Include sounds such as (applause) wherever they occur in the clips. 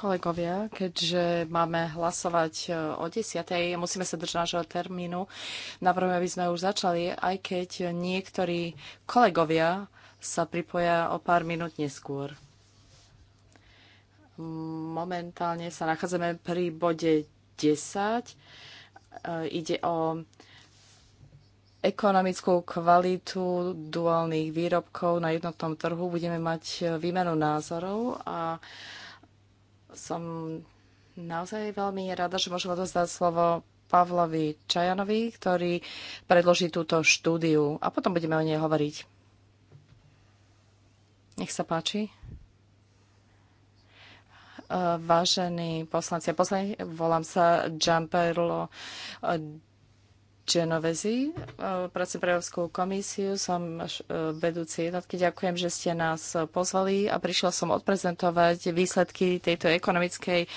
Kolegovia, keďže máme hlasovať e, o 10. musíme sa držať nášho termínu. Navrhujem, aby sme už začali, aj keď niektorí kolegovia sa pripoja o pár minút neskôr. Momentálne sa nachádzame pri bode 10. E, ide o ekonomickú kvalitu duálnych výrobkov na jednotnom trhu. Budeme mať e, výmenu názorov a som naozaj veľmi rada, že môžem odozdať slovo Pavlovi Čajanovi, ktorý predloží túto štúdiu a potom budeme o nej hovoriť. Nech sa páči. Vážení poslanci a poslanci, volám sa Giamperlo Genovezi, e, pracujem pre Európsku komisiu, som e, vedúci jednotky. Ďakujem, že ste nás pozvali a prišla som odprezentovať výsledky tejto ekonomickej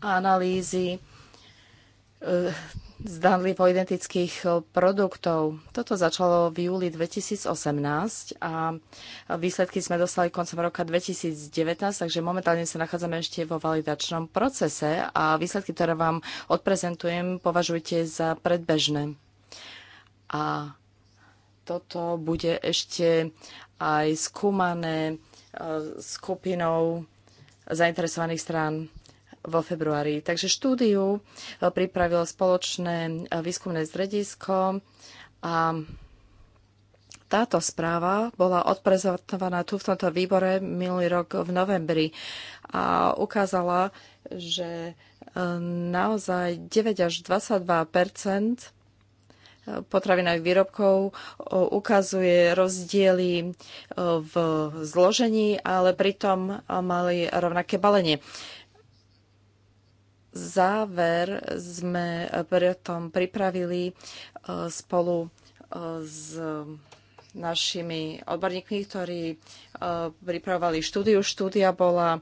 analýzy e, zdanlivo identických e, produktov. Toto začalo v júli 2018 a výsledky sme dostali koncom roka 2019, takže momentálne sa nachádzame ešte vo validačnom procese a výsledky, ktoré vám odprezentujem, považujte za predbežné. A toto bude ešte aj skúmané e, skupinou zainteresovaných strán vo februári. Takže štúdiu e, pripravilo spoločné e, výskumné zredisko a táto správa bola odprezentovaná tu v tomto výbore minulý rok v novembri a ukázala, že e, naozaj 9 až 22 potravinových výrobkov ukazuje rozdiely v zložení, ale pritom mali rovnaké balenie záver sme eh, potom pripravili eh, spolu eh, s našimi odborníkmi, ktorí pripravovali štúdiu. Štúdia bola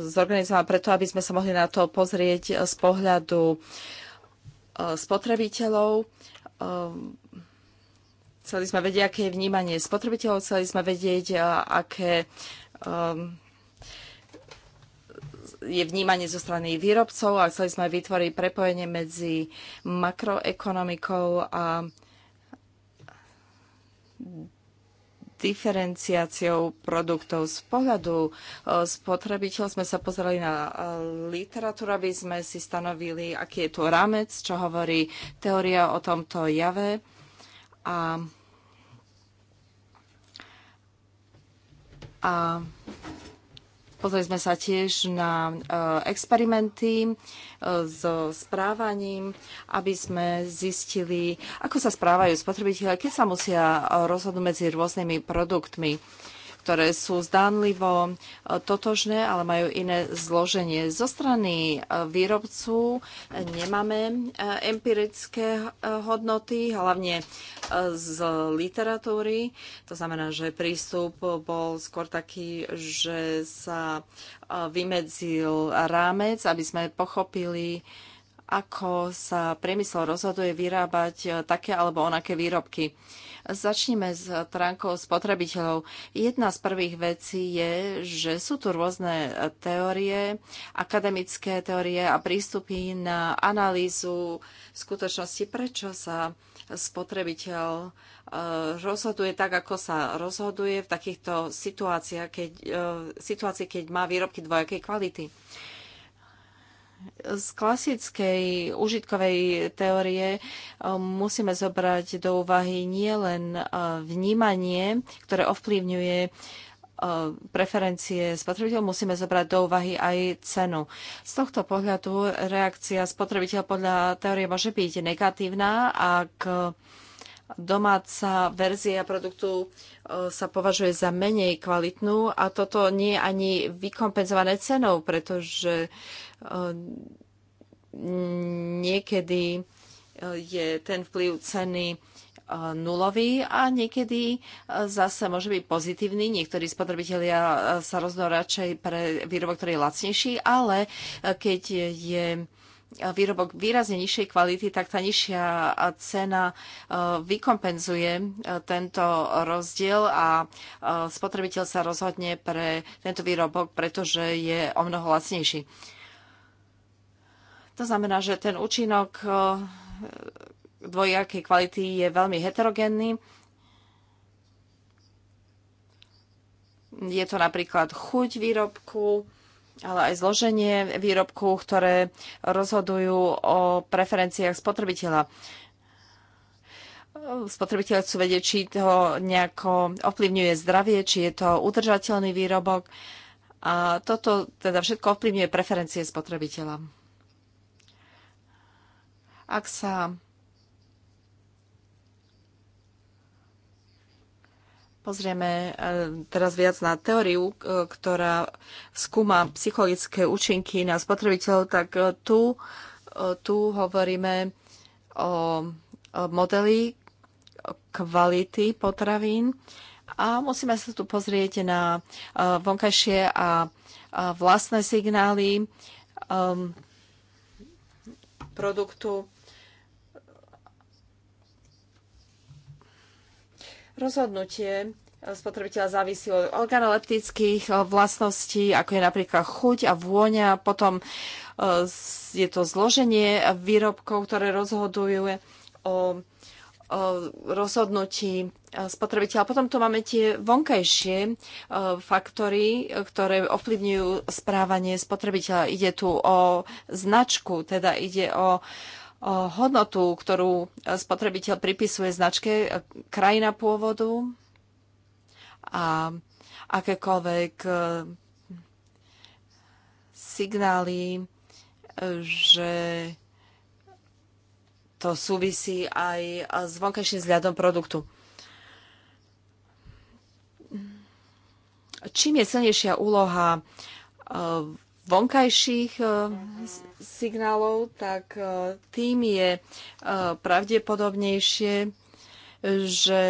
zorganizovaná preto, aby sme sa mohli na to pozrieť z pohľadu spotrebiteľov. Chceli sme vedieť, aké je vnímanie spotrebiteľov, chceli sme vedieť, aké je vnímanie zo strany výrobcov a chceli sme vytvoriť prepojenie medzi makroekonomikou a diferenciáciou produktov. Z pohľadu e, spotrebiteľ sme sa pozreli na e, literatúru, aby sme si stanovili, aký je tu rámec, čo hovorí teória o tomto jave. A, a Pozreli sme sa tiež na e, experimenty e, s správaním, aby sme zistili, ako sa správajú spotrebitelia, keď sa musia e, rozhodnúť medzi rôznymi produktmi ktoré sú zdánlivo e, totožné, ale majú iné zloženie. Zo strany e, výrobcu e, nemáme empirické hodnoty, hlavne z literatúry. To znamená, že prístup bol skôr taký, že sa vymedzil rámec, aby sme pochopili, ako sa priemysel rozhoduje vyrábať e, také alebo onaké výrobky. Začneme s tránkou spotrebiteľov. Jedna z prvých vecí je, že sú tu rôzne teórie, akademické teórie a prístupy na analýzu skutočnosti, prečo sa spotrebiteľ e, rozhoduje tak, ako sa rozhoduje v takýchto situáciách, keď, e, situácii, keď má výrobky dvojakej kvality z klasickej užitkovej teórie um, musíme zobrať do úvahy nielen uh, vnímanie, ktoré ovplyvňuje uh, preferencie spotrebiteľov, musíme zobrať do úvahy aj cenu. Z tohto pohľadu reakcia spotrebiteľ podľa teórie môže byť negatívna, ak domáca verzia produktu uh, sa považuje za menej kvalitnú a toto nie je ani vykompenzované cenou, pretože Niekedy e, je ten vplyv ceny e, nulový a niekedy e, zase môže byť pozitívny. Niektorí spotrebitelia sa rozhodnú radšej pre výrobok, ktorý je lacnejší, ale keď je výrobok výrazne nižšej kvality, tak tá nižšia cena vykompenzuje tento rozdiel a spotrebiteľ sa rozhodne pre tento výrobok, pretože je o mnoho lacnejší. To znamená, že ten účinok e, dvojakej kvality je veľmi heterogénny. Je to napríklad chuť výrobku, ale aj zloženie výrobku, ktoré rozhodujú o preferenciách spotrebiteľa. Spotrebiteľ chcú vedieť, či to nejako ovplyvňuje zdravie, či je to udržateľný výrobok. A toto teda všetko ovplyvňuje preferencie spotrebiteľa. Ak sa pozrieme e, teraz viac na teóriu, e, ktorá skúma psychologické účinky na spotrebiteľov, tak e, tu, tu hovoríme o modeli kvality potravín a musíme sa tu pozrieť na vonkajšie a vlastné signály produktu Rozhodnutie e, spotrebiteľa závisí od organoleptických e, vlastností, ako je napríklad chuť a vôňa, potom e, je to zloženie výrobkov, ktoré rozhodujú o rozhodnutí spotrebiteľa. Potom tu máme tie vonkajšie faktory, ktoré ovplyvňujú správanie spotrebiteľa. Ide tu o značku, teda ide o hodnotu, ktorú e, spotrebiteľ pripisuje značke e, krajina pôvodu a akékoľvek e, signály, že to súvisí aj s vonkajším vzhľadom produktu. Čím je silnejšia úloha vonkajších eh, signálov, tak eh, tým je eh, pravdepodobnejšie, že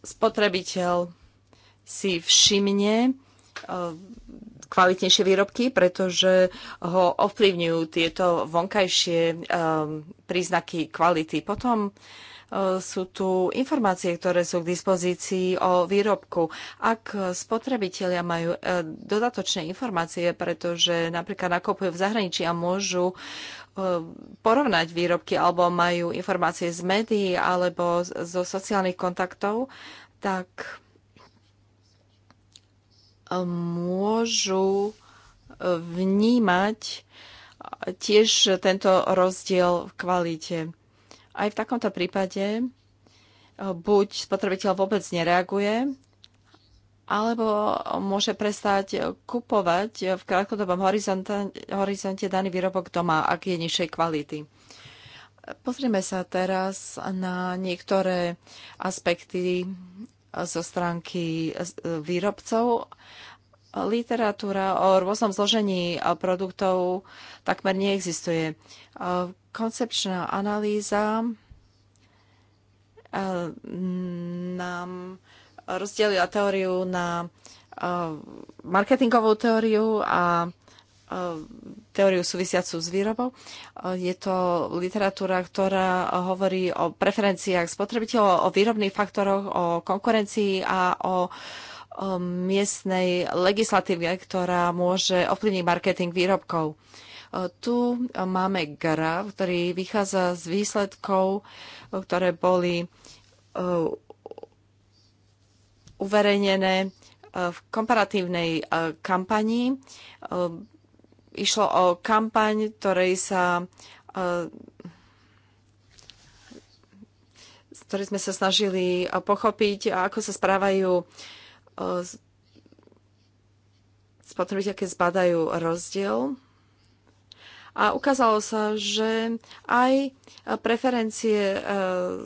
spotrebiteľ si všimne kvalitnejšie výrobky, pretože ho ovplyvňujú tieto vonkajšie príznaky kvality. Potom sú tu informácie, ktoré sú k dispozícii o výrobku. Ak spotrebitelia majú e, dodatočné informácie, pretože napríklad nakupujú v zahraničí a môžu e, porovnať výrobky alebo majú informácie z médií alebo zo sociálnych kontaktov, tak e, môžu vnímať tiež tento rozdiel v kvalite. Aj v takomto prípade eh, buď spotrebiteľ vôbec nereaguje, alebo môže prestať kupovať v krátkodobom horizonte, horizonte daný výrobok doma, ak je nižšej kvality. Pozrieme sa teraz na niektoré aspekty eh, zo stránky eh, výrobcov. Literatúra o rôznom zložení produktov takmer neexistuje koncepčná analýza eh, nám rozdelila teóriu na eh, marketingovú teóriu a eh, teóriu súvisiacu s výrobou. Je to literatúra, ktorá hovorí o preferenciách spotrebiteľov, o výrobných faktoroch, o konkurencii a o, o miestnej legislatíve, ktorá môže ovplyvniť marketing výrobkov. Tu máme graf, ktorý vychádza z výsledkov, ktoré boli e, uverejnené e, v komparatívnej e, kampani. Išlo o kampaň, ktorej sa ktorý sme sa snažili pochopiť, ako sa správajú spotrebiteľ, keď zbadajú rozdiel a ukázalo sa, že aj preferencie e,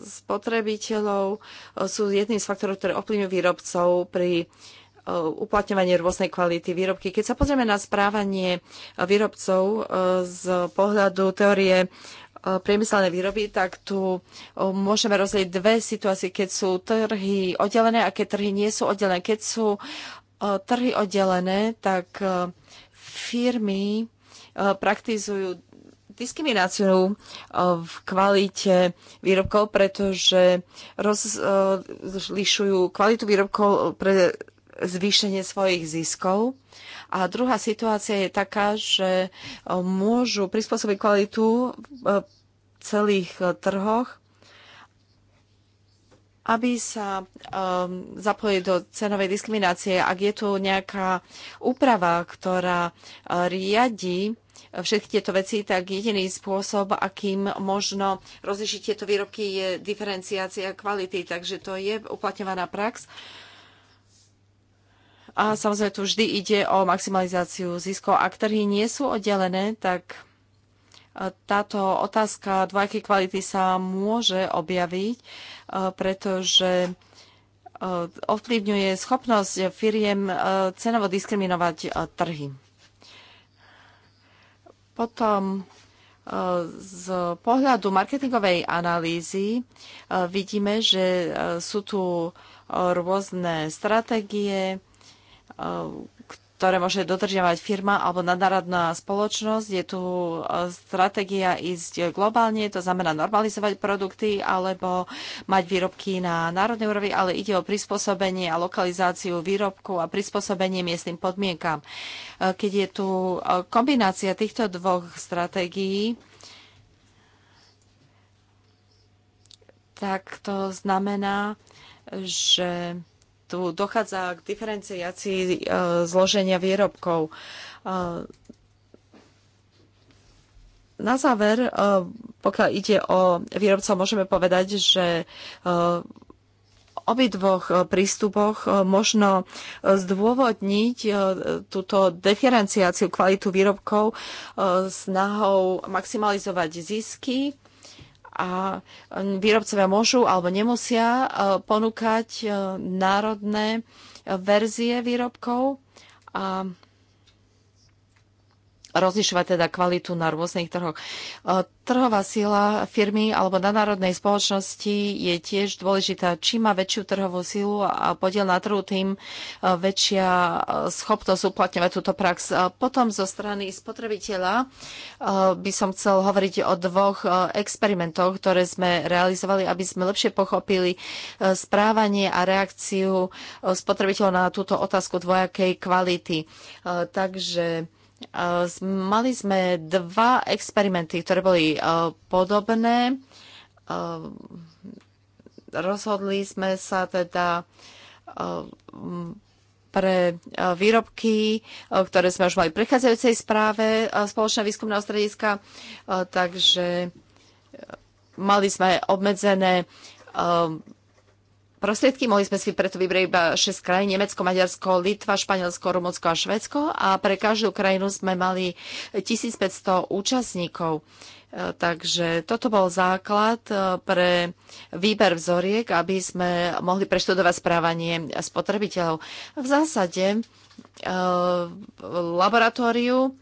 spotrebiteľov e, sú jedným z faktorov, ktoré ovplyvňujú výrobcov pri e, uplatňovanie rôznej kvality výrobky. Keď sa pozrieme na správanie výrobcov z pohľadu teórie priemyselné výroby, tak tu môžeme rozlieť dve situácie, keď sú trhy oddelené a keď trhy nie sú oddelené. Keď sú trhy oddelené, tak firmy Eh, praktizujú diskrimináciu eh, v kvalite výrobkov, pretože rozlišujú eh, kvalitu výrobkov pre zvýšenie svojich ziskov. A druhá situácia je taká, že môžu prispôsobiť kvalitu v celých trhoch, aby sa zapojili do cenovej diskriminácie. Ak je tu nejaká úprava, ktorá riadi všetky tieto veci, tak jediný spôsob, akým možno rozlišiť tieto výrobky, je diferenciácia kvality. Takže to je uplatňovaná prax. A samozrejme tu vždy ide o maximalizáciu ziskov. Ak trhy nie sú oddelené, tak e, táto otázka dvojakej kvality sa môže objaviť, e, pretože e, ovplyvňuje schopnosť firiem cenovo diskriminovať trhy. Potom e, z pohľadu marketingovej analýzy e, vidíme, že e, sú tu rôzne stratégie, ktoré môže dodržiavať firma alebo nadnárodná spoločnosť. Je tu e, stratégia ísť globálne, to znamená normalizovať produkty alebo mať výrobky na národnej úrovni, ale ide o prispôsobenie a lokalizáciu výrobku a prispôsobenie miestnym podmienkam. E, keď je tu e, kombinácia týchto dvoch stratégií, tak to znamená, že tu dochádza k diferenciácii e, zloženia výrobkov. E, na záver, e, pokiaľ ide o výrobcov, môžeme povedať, že obi dvoch prístupoch možno zdôvodniť túto diferenciáciu kvalitu výrobkov snahou maximalizovať zisky a um, výrobcovia môžu alebo nemusia uh, ponúkať uh, národné uh, verzie výrobkov a rozlišovať teda kvalitu na rôznych trhoch. E, trhová sila firmy alebo nadnárodnej spoločnosti je tiež dôležitá. Čím má väčšiu trhovú silu a podiel na trhu, tým e, väčšia e, schopnosť uplatňovať túto prax. Potom zo strany spotrebiteľa by som chcel hovoriť o dvoch experimentoch, ktoré sme realizovali, aby sme lepšie pochopili správanie a reakciu spotrebiteľov na túto otázku dvojakej kvality. Takže Eh, mali sme dva experimenty, ktoré boli eh, podobné. Eh, rozhodli sme sa teda pre výrobky, ktoré sme už mali v prechádzajúcej správe spoločné výskumného strediska. Takže mali sme obmedzené prostriedky. Mohli sme si preto vybrať iba 6 krajín, Nemecko, Maďarsko, Litva, Španielsko, Rumunsko a Švedsko a pre každú krajinu sme mali 1500 účastníkov. E, takže toto bol základ e, pre výber vzoriek, aby sme mohli preštudovať správanie spotrebiteľov. V zásade e, v laboratóriu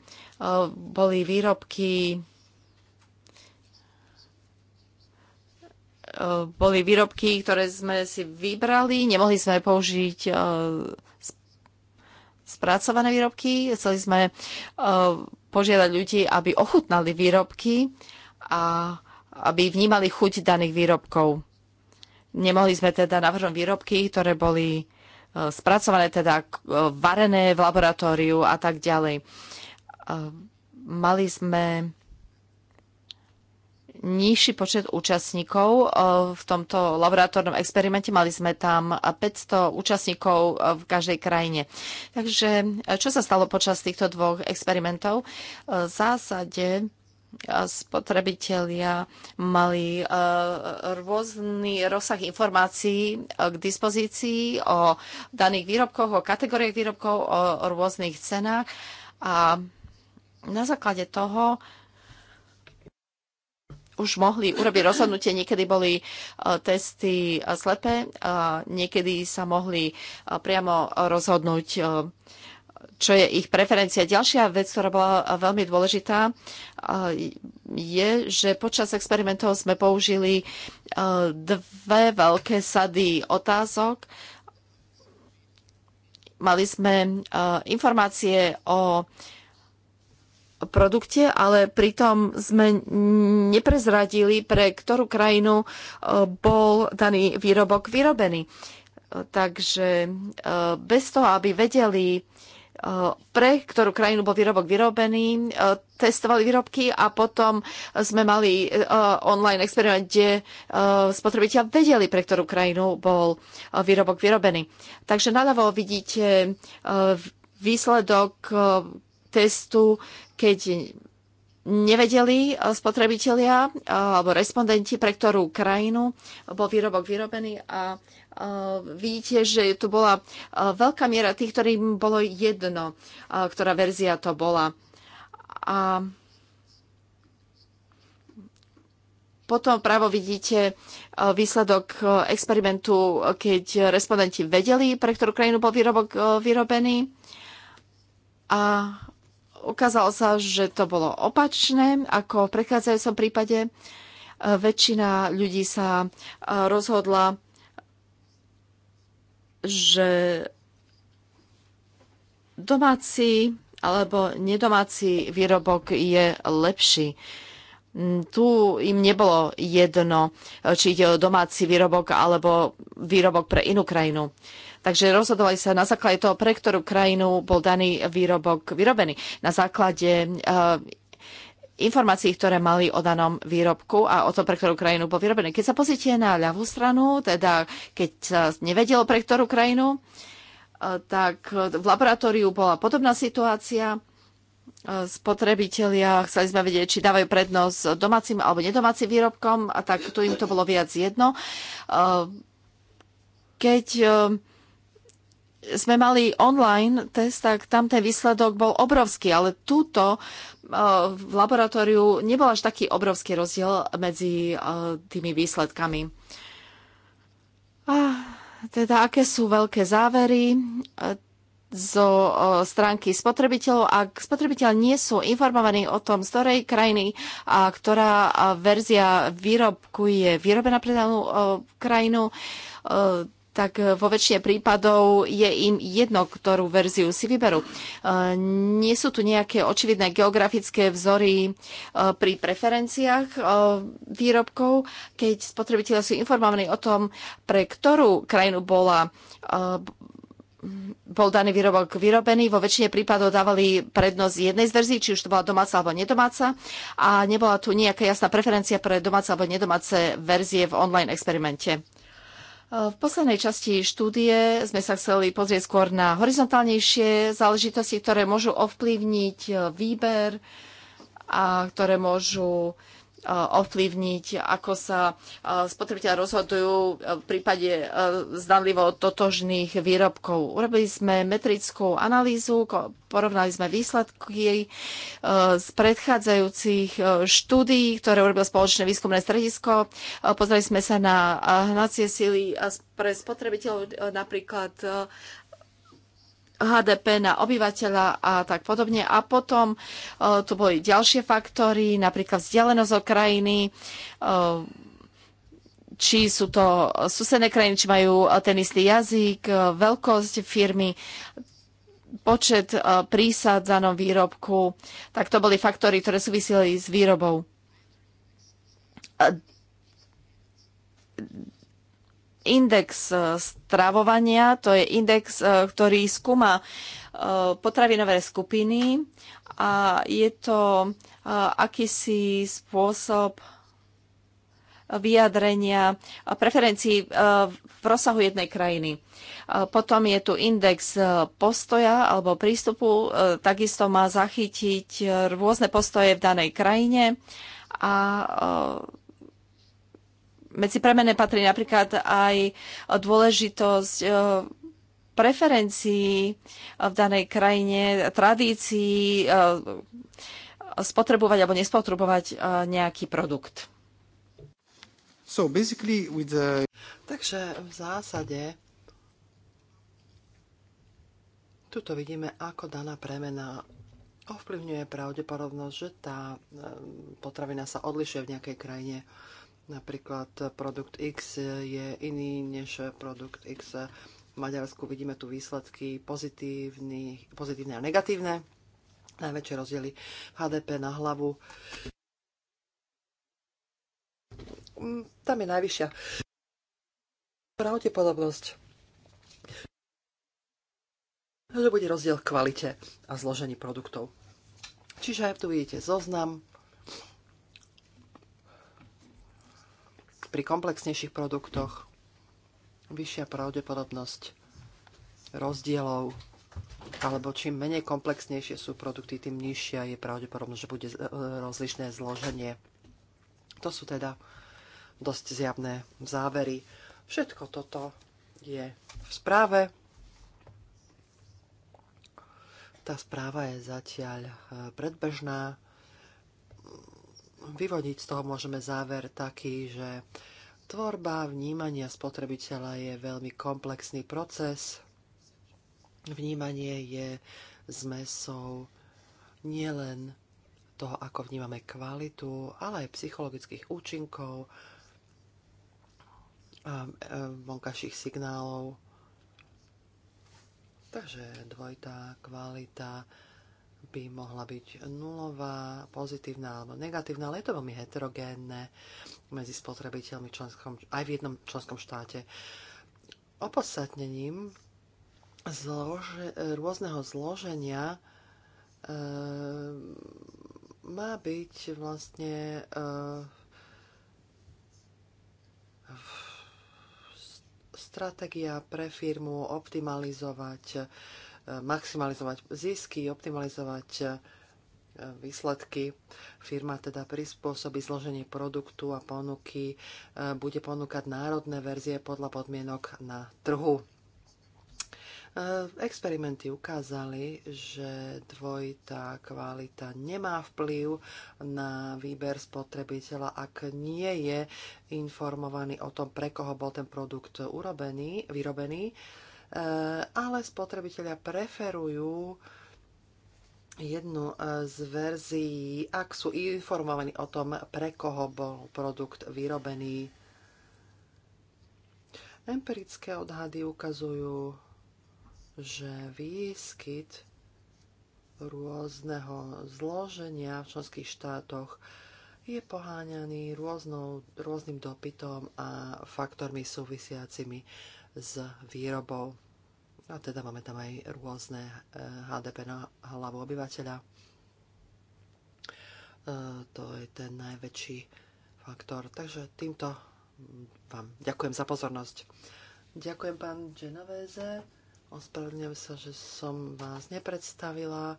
boli výrobky E, boli výrobky, ktoré sme si vybrali, nemohli sme použiť e, spracované výrobky, chceli sme e, požiadať ľudí, aby ochutnali výrobky a aby vnímali chuť daných výrobkov. Nemohli sme teda navrhnúť výrobky, ktoré boli spracované, teda varené v laboratóriu a tak ďalej. Mali sme nižší počet účastníkov e, v tomto laboratórnom experimente. Mali sme tam 500 účastníkov e, v každej krajine. Takže e, čo sa stalo počas týchto dvoch experimentov? V zásade spotrebitelia mali rôzny rozsah informácií k dispozícii o daných výrobkoch, o kategóriách výrobkov, o rôznych cenách a na základe toho už mohli urobiť rozhodnutie. Niekedy boli e, testy e, slepé, niekedy sa mohli e, priamo rozhodnúť, čo je ich preferencia. Ďalšia vec, ktorá bola veľmi dôležitá, je, že počas experimentov sme použili dve veľké sady otázok. Mali sme informácie o produkte, ale pritom sme neprezradili, pre ktorú krajinu e, bol daný výrobok vyrobený. E, takže e, bez toho, aby vedeli, pre ktorú krajinu bol výrobok vyrobený, testovali výrobky a potom sme mali online experiment, kde spotrebitia vedeli, pre ktorú krajinu bol výrobok vyrobený. Takže naľavo vidíte výsledok testu, keď nevedeli eh, spotrebitelia eh, alebo respondenti, pre ktorú krajinu eh, bol výrobok vyrobený a vidíte, že tu bola veľká miera tých, ktorým bolo jedno, ktorá verzia to bola. A potom právo vidíte výsledok experimentu, keď respondenti vedeli, pre ktorú krajinu bol výrobok vyrobený. A ukázalo sa, že to bolo opačné, ako v predchádzajúcom prípade. E, väčšina ľudí sa e, rozhodla, že domáci alebo nedomáci výrobok je lepší. Mm, tu im nebolo jedno, e, či ide o domáci výrobok alebo výrobok pre inú krajinu. Takže rozhodovali sa na základe toho, pre ktorú krajinu bol daný výrobok vyrobený. Na základe eh, informácií, ktoré mali o danom výrobku a o tom, pre ktorú krajinu bol vyrobený. Keď sa pozrite na ľavú stranu, teda keď sa nevedelo, pre ktorú krajinu, eh, tak v laboratóriu bola podobná situácia. Eh, spotrebitelia chceli sme vedieť, či dávajú prednosť domácim alebo nedomácim výrobkom, a tak tu im to bolo viac jedno. Keď sme mali online test, tak tam ten výsledok bol obrovský, ale túto uh, v laboratóriu nebol až taký obrovský rozdiel medzi uh, tými výsledkami. teda aké sú veľké závery uh, zo stránky spotrebiteľov. Ak spotrebiteľ nie sú informovaní o tom, z ktorej krajiny a ktorá verzia výrobku je vyrobená pre danú krajinu, tak eh, vo väčšine prípadov je im jedno, ktorú verziu si vyberú. Eh, nie sú tu nejaké očividné geografické vzory eh, pri preferenciách výrobkov, keď spotrebitelia sú informovaní o tom, pre ktorú krajinu bola bol daný výrobok vyrobený. Vo väčšine prípadov dávali prednosť jednej z verzií, či už to bola domáca alebo nedomáca. A nebola tu nejaká jasná preferencia pre domáce alebo nedomáce verzie v online experimente. V poslednej časti štúdie sme sa chceli pozrieť skôr na horizontálnejšie záležitosti, ktoré môžu ovplyvniť výber a ktoré môžu ovplyvniť, ako sa spotrebiteľa rozhodujú v prípade zdanlivo totožných výrobkov. Urobili sme metrickú analýzu, porovnali sme výsledky z predchádzajúcich štúdií, ktoré urobilo spoločné výskumné stredisko. Pozreli sme sa na hnacie sily pre spotrebiteľov, napríklad HDP na obyvateľa a tak podobne. A potom e, tu boli ďalšie faktory, napríklad vzdialenosť od krajiny, e, či sú to susedné krajiny, či majú ten istý jazyk, e, veľkosť firmy, počet prísad v danom výrobku. Tak to boli faktory, ktoré súvisili s výrobou index e, stravovania, to je index, e, ktorý skúma e, potravinové skupiny a je to akýsi spôsob vyjadrenia preferencií v rozsahu jednej krajiny. Potom je tu index postoja alebo prístupu, takisto má zachytiť rôzne postoje v danej krajine a medzi premene patrí napríklad aj dôležitosť e, preferencií v danej krajine, tradícií e, spotrebovať alebo nespotrebovať e, nejaký produkt. So basically with the... Takže v zásade tuto vidíme, ako daná premena ovplyvňuje pravdepodobnosť, že tá potravina sa odlišuje v nejakej krajine. Napríklad produkt X je iný než produkt X v Maďarsku. Vidíme tu výsledky pozitívne a negatívne. Najväčšie rozdiely HDP na hlavu. Mm, tam je najvyššia pravdepodobnosť, že bude rozdiel v kvalite a zložení produktov. Čiže tu vidíte zoznam pri komplexnejších produktoch vyššia pravdepodobnosť rozdielov, alebo čím menej komplexnejšie sú produkty, tým nižšia je pravdepodobnosť, že bude e, rozlišné zloženie. To sú teda dosť zjavné závery. Všetko toto je v správe. Tá správa je zatiaľ e, predbežná vyvodiť z toho môžeme záver taký, že tvorba vnímania spotrebiteľa je veľmi komplexný proces. Vnímanie je zmesou nielen toho, ako vnímame kvalitu, ale aj psychologických účinkov a e, vonkajších signálov. Takže dvojitá kvalita by mohla byť nulová, pozitívna alebo negatívna, ale je to veľmi heterogénne medzi spotrebiteľmi členskom, aj v jednom členskom štáte. Opodstatnením zlože, rôzneho zloženia e, má byť vlastne e, stratégia pre firmu optimalizovať maximalizovať zisky, optimalizovať e, výsledky. Firma teda prispôsobí zloženie produktu a ponuky, e, bude ponúkať národné verzie podľa podmienok na trhu. E, experimenty ukázali, že dvojitá kvalita nemá vplyv na výber spotrebiteľa, ak nie je informovaný o tom, pre koho bol ten produkt urobený, vyrobený. Eh, ale spotrebitelia preferujú jednu eh, z verzií, ak sú informovaní o tom, pre koho bol produkt vyrobený. Empirické odhady ukazujú, že výskyt rôzneho zloženia v členských štátoch je poháňaný rôznou, rôznym dopytom a faktormi súvisiacimi s výrobou. A teda máme tam aj rôzne HDP eh, na hlavu obyvateľa. Eh, to je ten najväčší faktor. Takže týmto vám ďakujem za pozornosť. Ďakujem pán Genoveze. Ospravedlňujem sa, že som vás nepredstavila.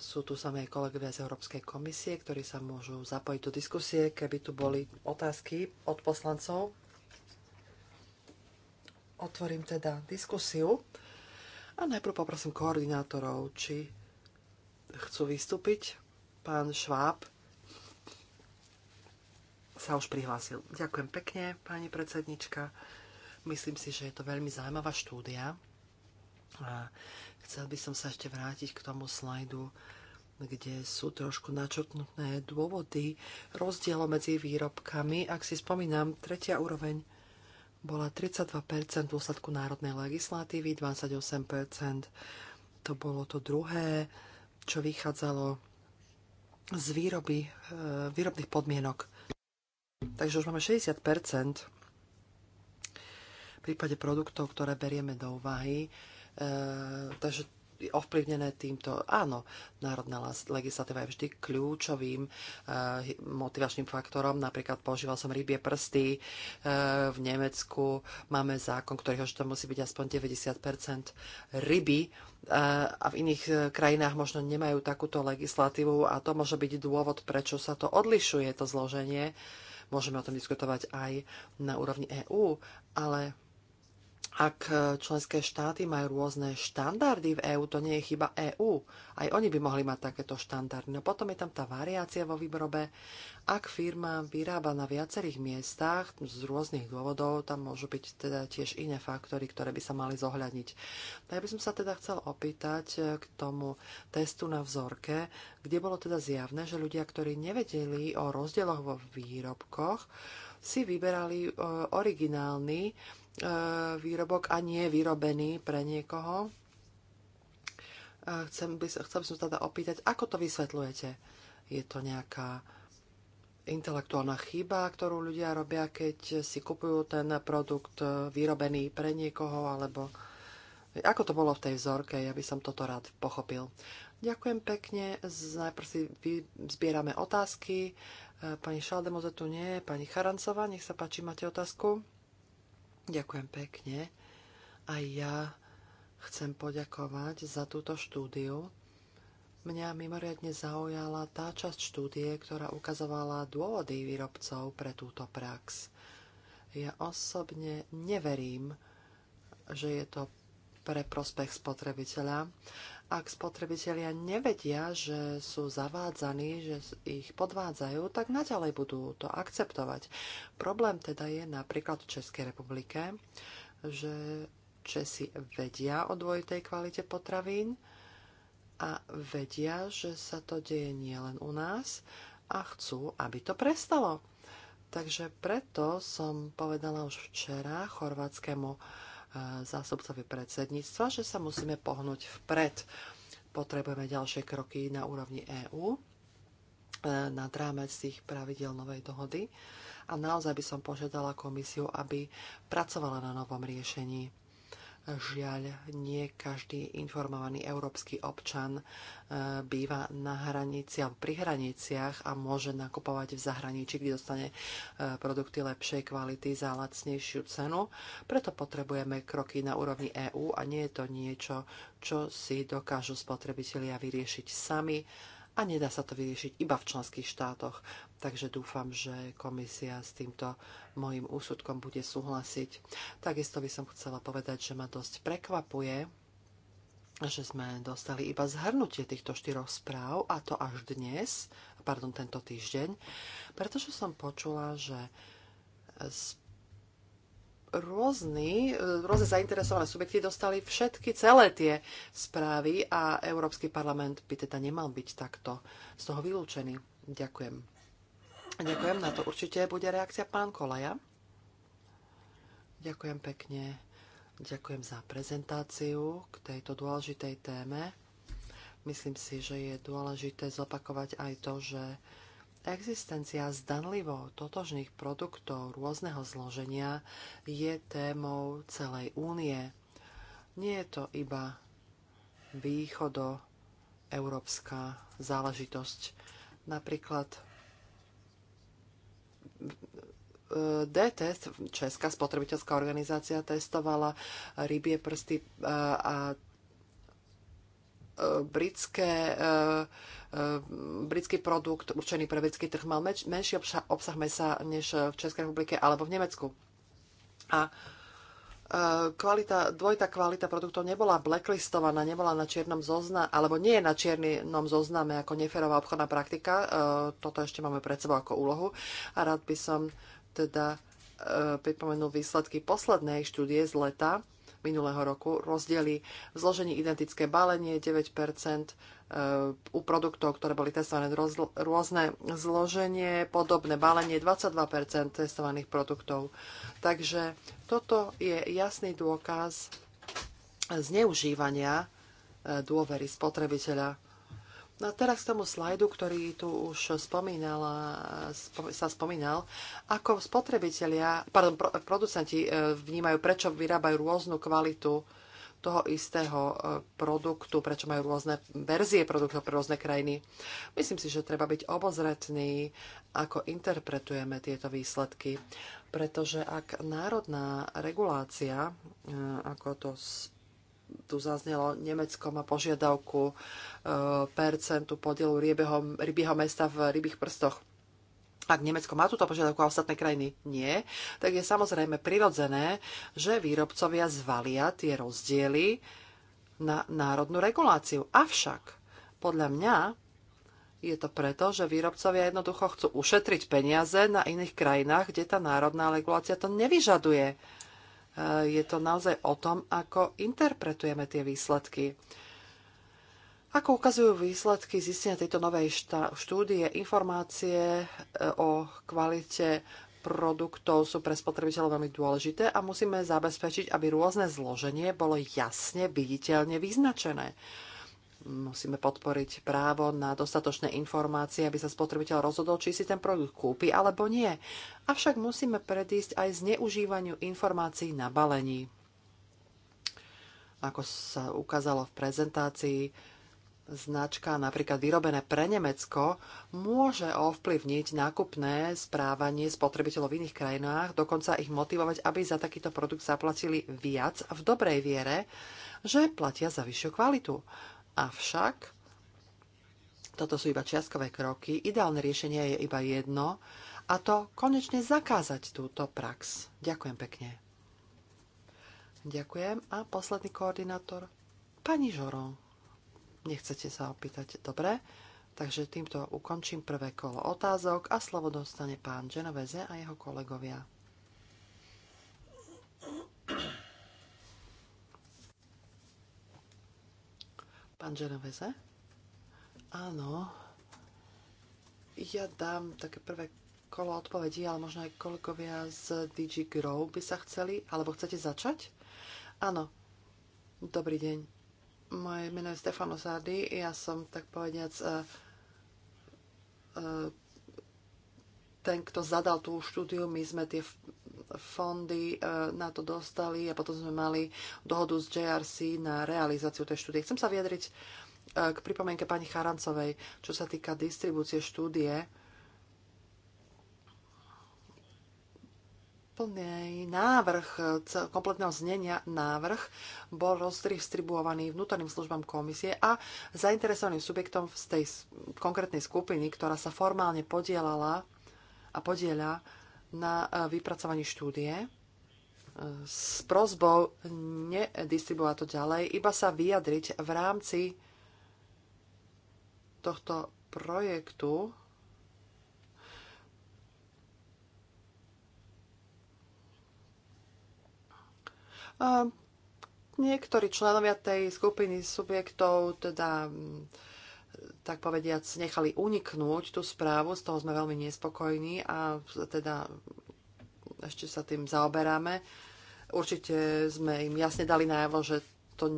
Sú tu samé kolegovia z Európskej komisie, ktorí sa môžu zapojiť do diskusie, keby tu boli otázky od poslancov. Otvorím teda diskusiu a najprv poprosím koordinátorov, či chcú vystúpiť. Pán Šváb sa už prihlásil. Ďakujem pekne, pani predsednička. Myslím si, že je to veľmi zaujímavá štúdia. A Chcel by som sa ešte vrátiť k tomu slajdu, kde sú trošku načrtnuté dôvody rozdielu medzi výrobkami. Ak si spomínam, tretia úroveň bola 32% v dôsledku národnej legislatívy, 28% to bolo to druhé, čo vychádzalo z výroby, e, výrobných podmienok. Takže už máme 60% v prípade produktov, ktoré berieme do úvahy E, takže ovplyvnené týmto. Áno, národná legislatíva je vždy kľúčovým e, motivačným faktorom. Napríklad používal som rybie prsty e, v Nemecku. Máme zákon, ktorý už to musí byť aspoň 90 ryby a v iných krajinách možno nemajú takúto legislatívu a to môže byť dôvod, prečo sa to odlišuje, to zloženie. Môžeme o tom diskutovať aj na úrovni EÚ, ale ak e, členské štáty majú rôzne štandardy v EÚ, to nie je chyba EÚ. Aj oni by mohli mať takéto štandardy. No potom je tam tá variácia vo výrobe. Ak firma vyrába na viacerých miestach z rôznych dôvodov, tam môžu byť teda tiež iné faktory, ktoré by sa mali zohľadniť. No ja by som sa teda chcel opýtať e, k tomu testu na vzorke, kde bolo teda zjavné, že ľudia, ktorí nevedeli o rozdieloch vo výrobkoch, si vyberali e, originálny E, výrobok a nie vyrobený pre niekoho. E, chcem by, chcel by som teda opýtať, ako to vysvetľujete? Je to nejaká intelektuálna chyba, ktorú ľudia robia, keď si kupujú ten produkt e, vyrobený pre niekoho, alebo ako to bolo v tej vzorke, ja by som toto rád pochopil. Ďakujem pekne, najprv si zbierame otázky. Pani Šaldemoze tu nie, pani Charancová, nech sa páči, máte otázku. Ďakujem pekne. A ja chcem poďakovať za túto štúdiu. Mňa mimoriadne zaujala tá časť štúdie, ktorá ukazovala dôvody výrobcov pre túto prax. Ja osobne neverím, že je to pre prospech spotrebiteľa. Ak spotrebitelia nevedia, že sú zavádzaní, že ich podvádzajú, tak naďalej budú to akceptovať. Problém teda je napríklad v Českej republike, že Česi vedia o dvojitej kvalite potravín a vedia, že sa to deje nielen u nás a chcú, aby to prestalo. Takže preto som povedala už včera chorvátskému E, zásobcovi predsedníctva, že sa musíme pohnúť vpred. Potrebujeme ďalšie kroky na úrovni EÚ, e, na rámec tých pravidel novej dohody a naozaj by som požiadala komisiu, aby pracovala na novom riešení Žiaľ, nie každý informovaný európsky občan e, býva na hranici alebo pri hraniciach a môže nakupovať v zahraničí, kde dostane e, produkty lepšej kvality za lacnejšiu cenu. Preto potrebujeme kroky na úrovni EÚ a nie je to niečo, čo si dokážu spotrebitelia vyriešiť sami a nedá sa to vyriešiť iba v členských štátoch. Takže dúfam, že komisia s týmto môjim úsudkom bude súhlasiť. Takisto by som chcela povedať, že ma dosť prekvapuje, že sme dostali iba zhrnutie týchto štyroch správ, a to až dnes, pardon, tento týždeň, pretože som počula, že rôzny, rôzne zainteresované subjekty dostali všetky, celé tie správy a Európsky parlament by teda nemal byť takto z toho vylúčený. Ďakujem. Ďakujem, na to určite bude reakcia pán Kolaja. Ďakujem pekne. Ďakujem za prezentáciu k tejto dôležitej téme. Myslím si, že je dôležité zopakovať aj to, že existencia zdanlivo totožných produktov rôzneho zloženia je témou celej únie. Nie je to iba východo európska záležitosť. Napríklad D-test, Česká spotrebiteľská organizácia, testovala rybie prsty e, a e, britské, e, britský produkt určený pre britský trh mal menší obsah mesa než v Českej republike alebo v Nemecku. A kvalita, dvojitá kvalita produktov nebola blacklistovaná, nebola na čiernom zozname, alebo nie je na čiernom zozname ako neferová obchodná praktika. E, toto ešte máme pred sebou ako úlohu. A rád by som teda e, pripomenul výsledky poslednej štúdie z leta, minulého roku. Rozdiely v zložení identické balenie 9 e, u produktov, ktoré boli testované rôzne zloženie, podobné balenie 22 testovaných produktov. Takže toto je jasný dôkaz zneužívania e, dôvery spotrebiteľa No a teraz k tomu slajdu, ktorý tu už spomínal, spom, sa spomínal, ako spotrebitelia, pardon, pro, producenti e, vnímajú, prečo vyrábajú rôznu kvalitu toho istého e, produktu, prečo majú rôzne verzie produktov pre rôzne krajiny. Myslím si, že treba byť obozretný, ako interpretujeme tieto výsledky, pretože ak národná regulácia, e, ako to tu zaznelo, Nemecko má požiadavku e, percentu podielu rybieho, rybieho mesta v rybých prstoch. Ak Nemecko má túto požiadavku a ostatné krajiny nie, tak je samozrejme prirodzené, že výrobcovia zvalia tie rozdiely na národnú reguláciu. Avšak, podľa mňa, je to preto, že výrobcovia jednoducho chcú ušetriť peniaze na iných krajinách, kde tá národná regulácia to nevyžaduje. Eh, je to naozaj o tom, ako interpretujeme tie výsledky. Ako ukazujú výsledky zistenia tejto novej štúdie, informácie eh, o kvalite produktov sú pre spotrebiteľov veľmi dôležité a musíme zabezpečiť, aby rôzne zloženie bolo jasne viditeľne vyznačené musíme podporiť právo na dostatočné informácie, aby sa spotrebiteľ rozhodol, či si ten produkt kúpi alebo nie. Avšak musíme predísť aj zneužívaniu informácií na balení. Ako sa ukázalo v prezentácii, značka napríklad vyrobené pre Nemecko môže ovplyvniť nákupné správanie spotrebiteľov v iných krajinách, dokonca ich motivovať, aby za takýto produkt zaplatili viac v dobrej viere, že platia za vyššiu kvalitu. Avšak toto sú iba čiastkové kroky. Ideálne riešenie je iba jedno a to konečne zakázať túto prax. Ďakujem pekne. Ďakujem. A posledný koordinátor, pani Žoro. Nechcete sa opýtať? Dobre. Takže týmto ukončím prvé kolo otázok a slovo dostane pán Genoveze a jeho kolegovia. Pán Genoveze? Áno. Ja dám také prvé kolo odpovedí, ale možno aj kolegovia z DG Grow by sa chceli, alebo chcete začať? Áno. Dobrý deň. Moje meno je Stefano Zády. Ja som, tak povediac, uh, uh, ten, kto zadal tú štúdiu, my sme tie fondy e, na to dostali a potom sme mali dohodu z JRC na realizáciu tej štúdie. Chcem sa vyjadriť e, k pripomienke pani Charancovej, čo sa týka distribúcie štúdie. Plný návrh, kompletného znenia návrh bol rozdistribuovaný vnútorným službám komisie a zainteresovaným subjektom z tej konkrétnej skupiny, ktorá sa formálne podielala a podieľa na e, vypracovaní štúdie e, s prozbou nedistribuovať to ďalej, iba sa vyjadriť v rámci tohto projektu e, Niektorí členovia tej skupiny subjektov teda tak povediac, nechali uniknúť tú správu, z toho sme veľmi nespokojní a teda ešte sa tým zaoberáme. Určite sme im jasne dali najavo, že to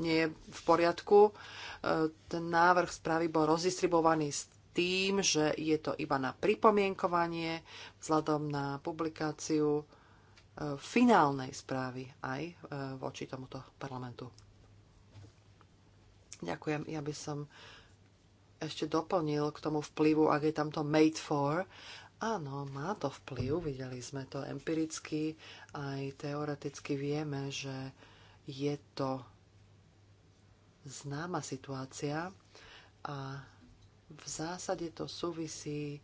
nie je v poriadku. E, ten návrh správy bol rozdistribovaný s tým, že je to iba na pripomienkovanie vzhľadom na publikáciu e, finálnej správy aj e, voči tomuto parlamentu. Ďakujem. Ja by som ešte doplnil k tomu vplyvu, ak je tam to made for. Áno, má to vplyv, videli sme to empiricky, aj teoreticky vieme, že je to známa situácia a v zásade to súvisí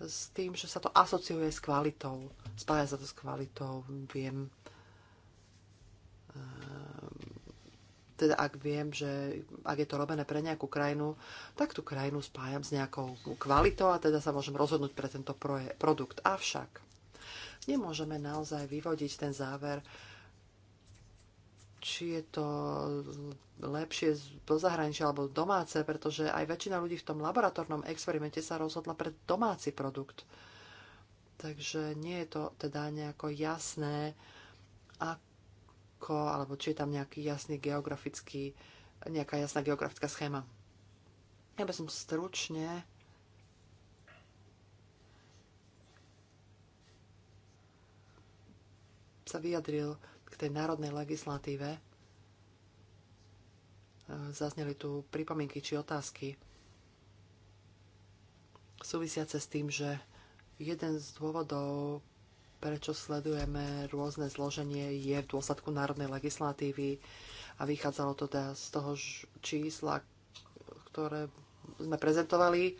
s tým, že sa to asociuje s kvalitou. Spája sa to s kvalitou, viem teda ak viem, že ak je to robené pre nejakú krajinu, tak tú krajinu spájam s nejakou kvalitou a teda sa môžem rozhodnúť pre tento proje, produkt. Avšak nemôžeme naozaj vyvodiť ten záver, či je to lepšie do zahraničia alebo domáce, pretože aj väčšina ľudí v tom laboratórnom experimente sa rozhodla pre domáci produkt. Takže nie je to teda nejako jasné, ako Rusko, alebo či je tam nejaký jasný geografický, nejaká jasná geografická schéma. Ja by som stručne sa vyjadril k tej národnej legislatíve. E, zazneli tu pripomienky či otázky súvisiace s tým, že jeden z dôvodov, prečo sledujeme rôzne zloženie, je v dôsledku národnej legislatívy a vychádzalo to teda z toho čísla, ktoré sme prezentovali.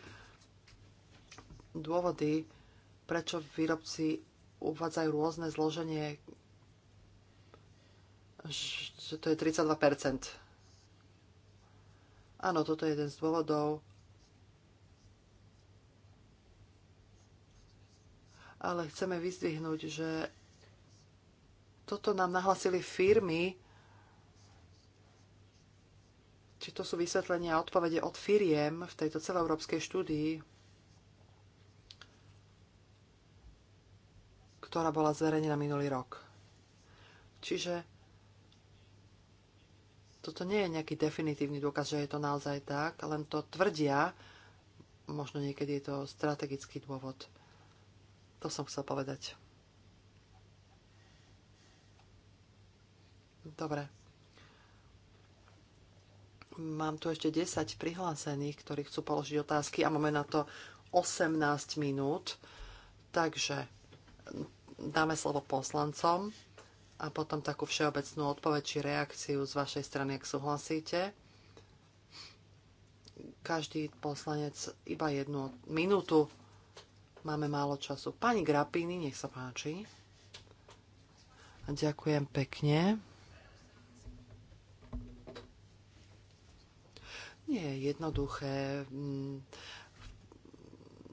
Dôvody, prečo výrobci uvádzajú rôzne zloženie, že to je 32%. Áno, toto je jeden z dôvodov. ale chceme vyzdvihnúť, že toto nám nahlasili firmy, či to sú vysvetlenia a odpovede od firiem v tejto celoeurópskej štúdii, ktorá bola zverejnená minulý rok. Čiže toto nie je nejaký definitívny dôkaz, že je to naozaj tak, len to tvrdia, možno niekedy je to strategický dôvod. To som chcel povedať. Dobre. Mám tu ešte 10 prihlásených, ktorí chcú položiť otázky a máme na to 18 minút. Takže dáme slovo poslancom a potom takú všeobecnú odpoveď či reakciu z vašej strany, ak súhlasíte. Každý poslanec iba jednu minútu Máme málo času. Pani grapiny nech sa páči. Ďakujem pekne. Nie je jednoduché mm,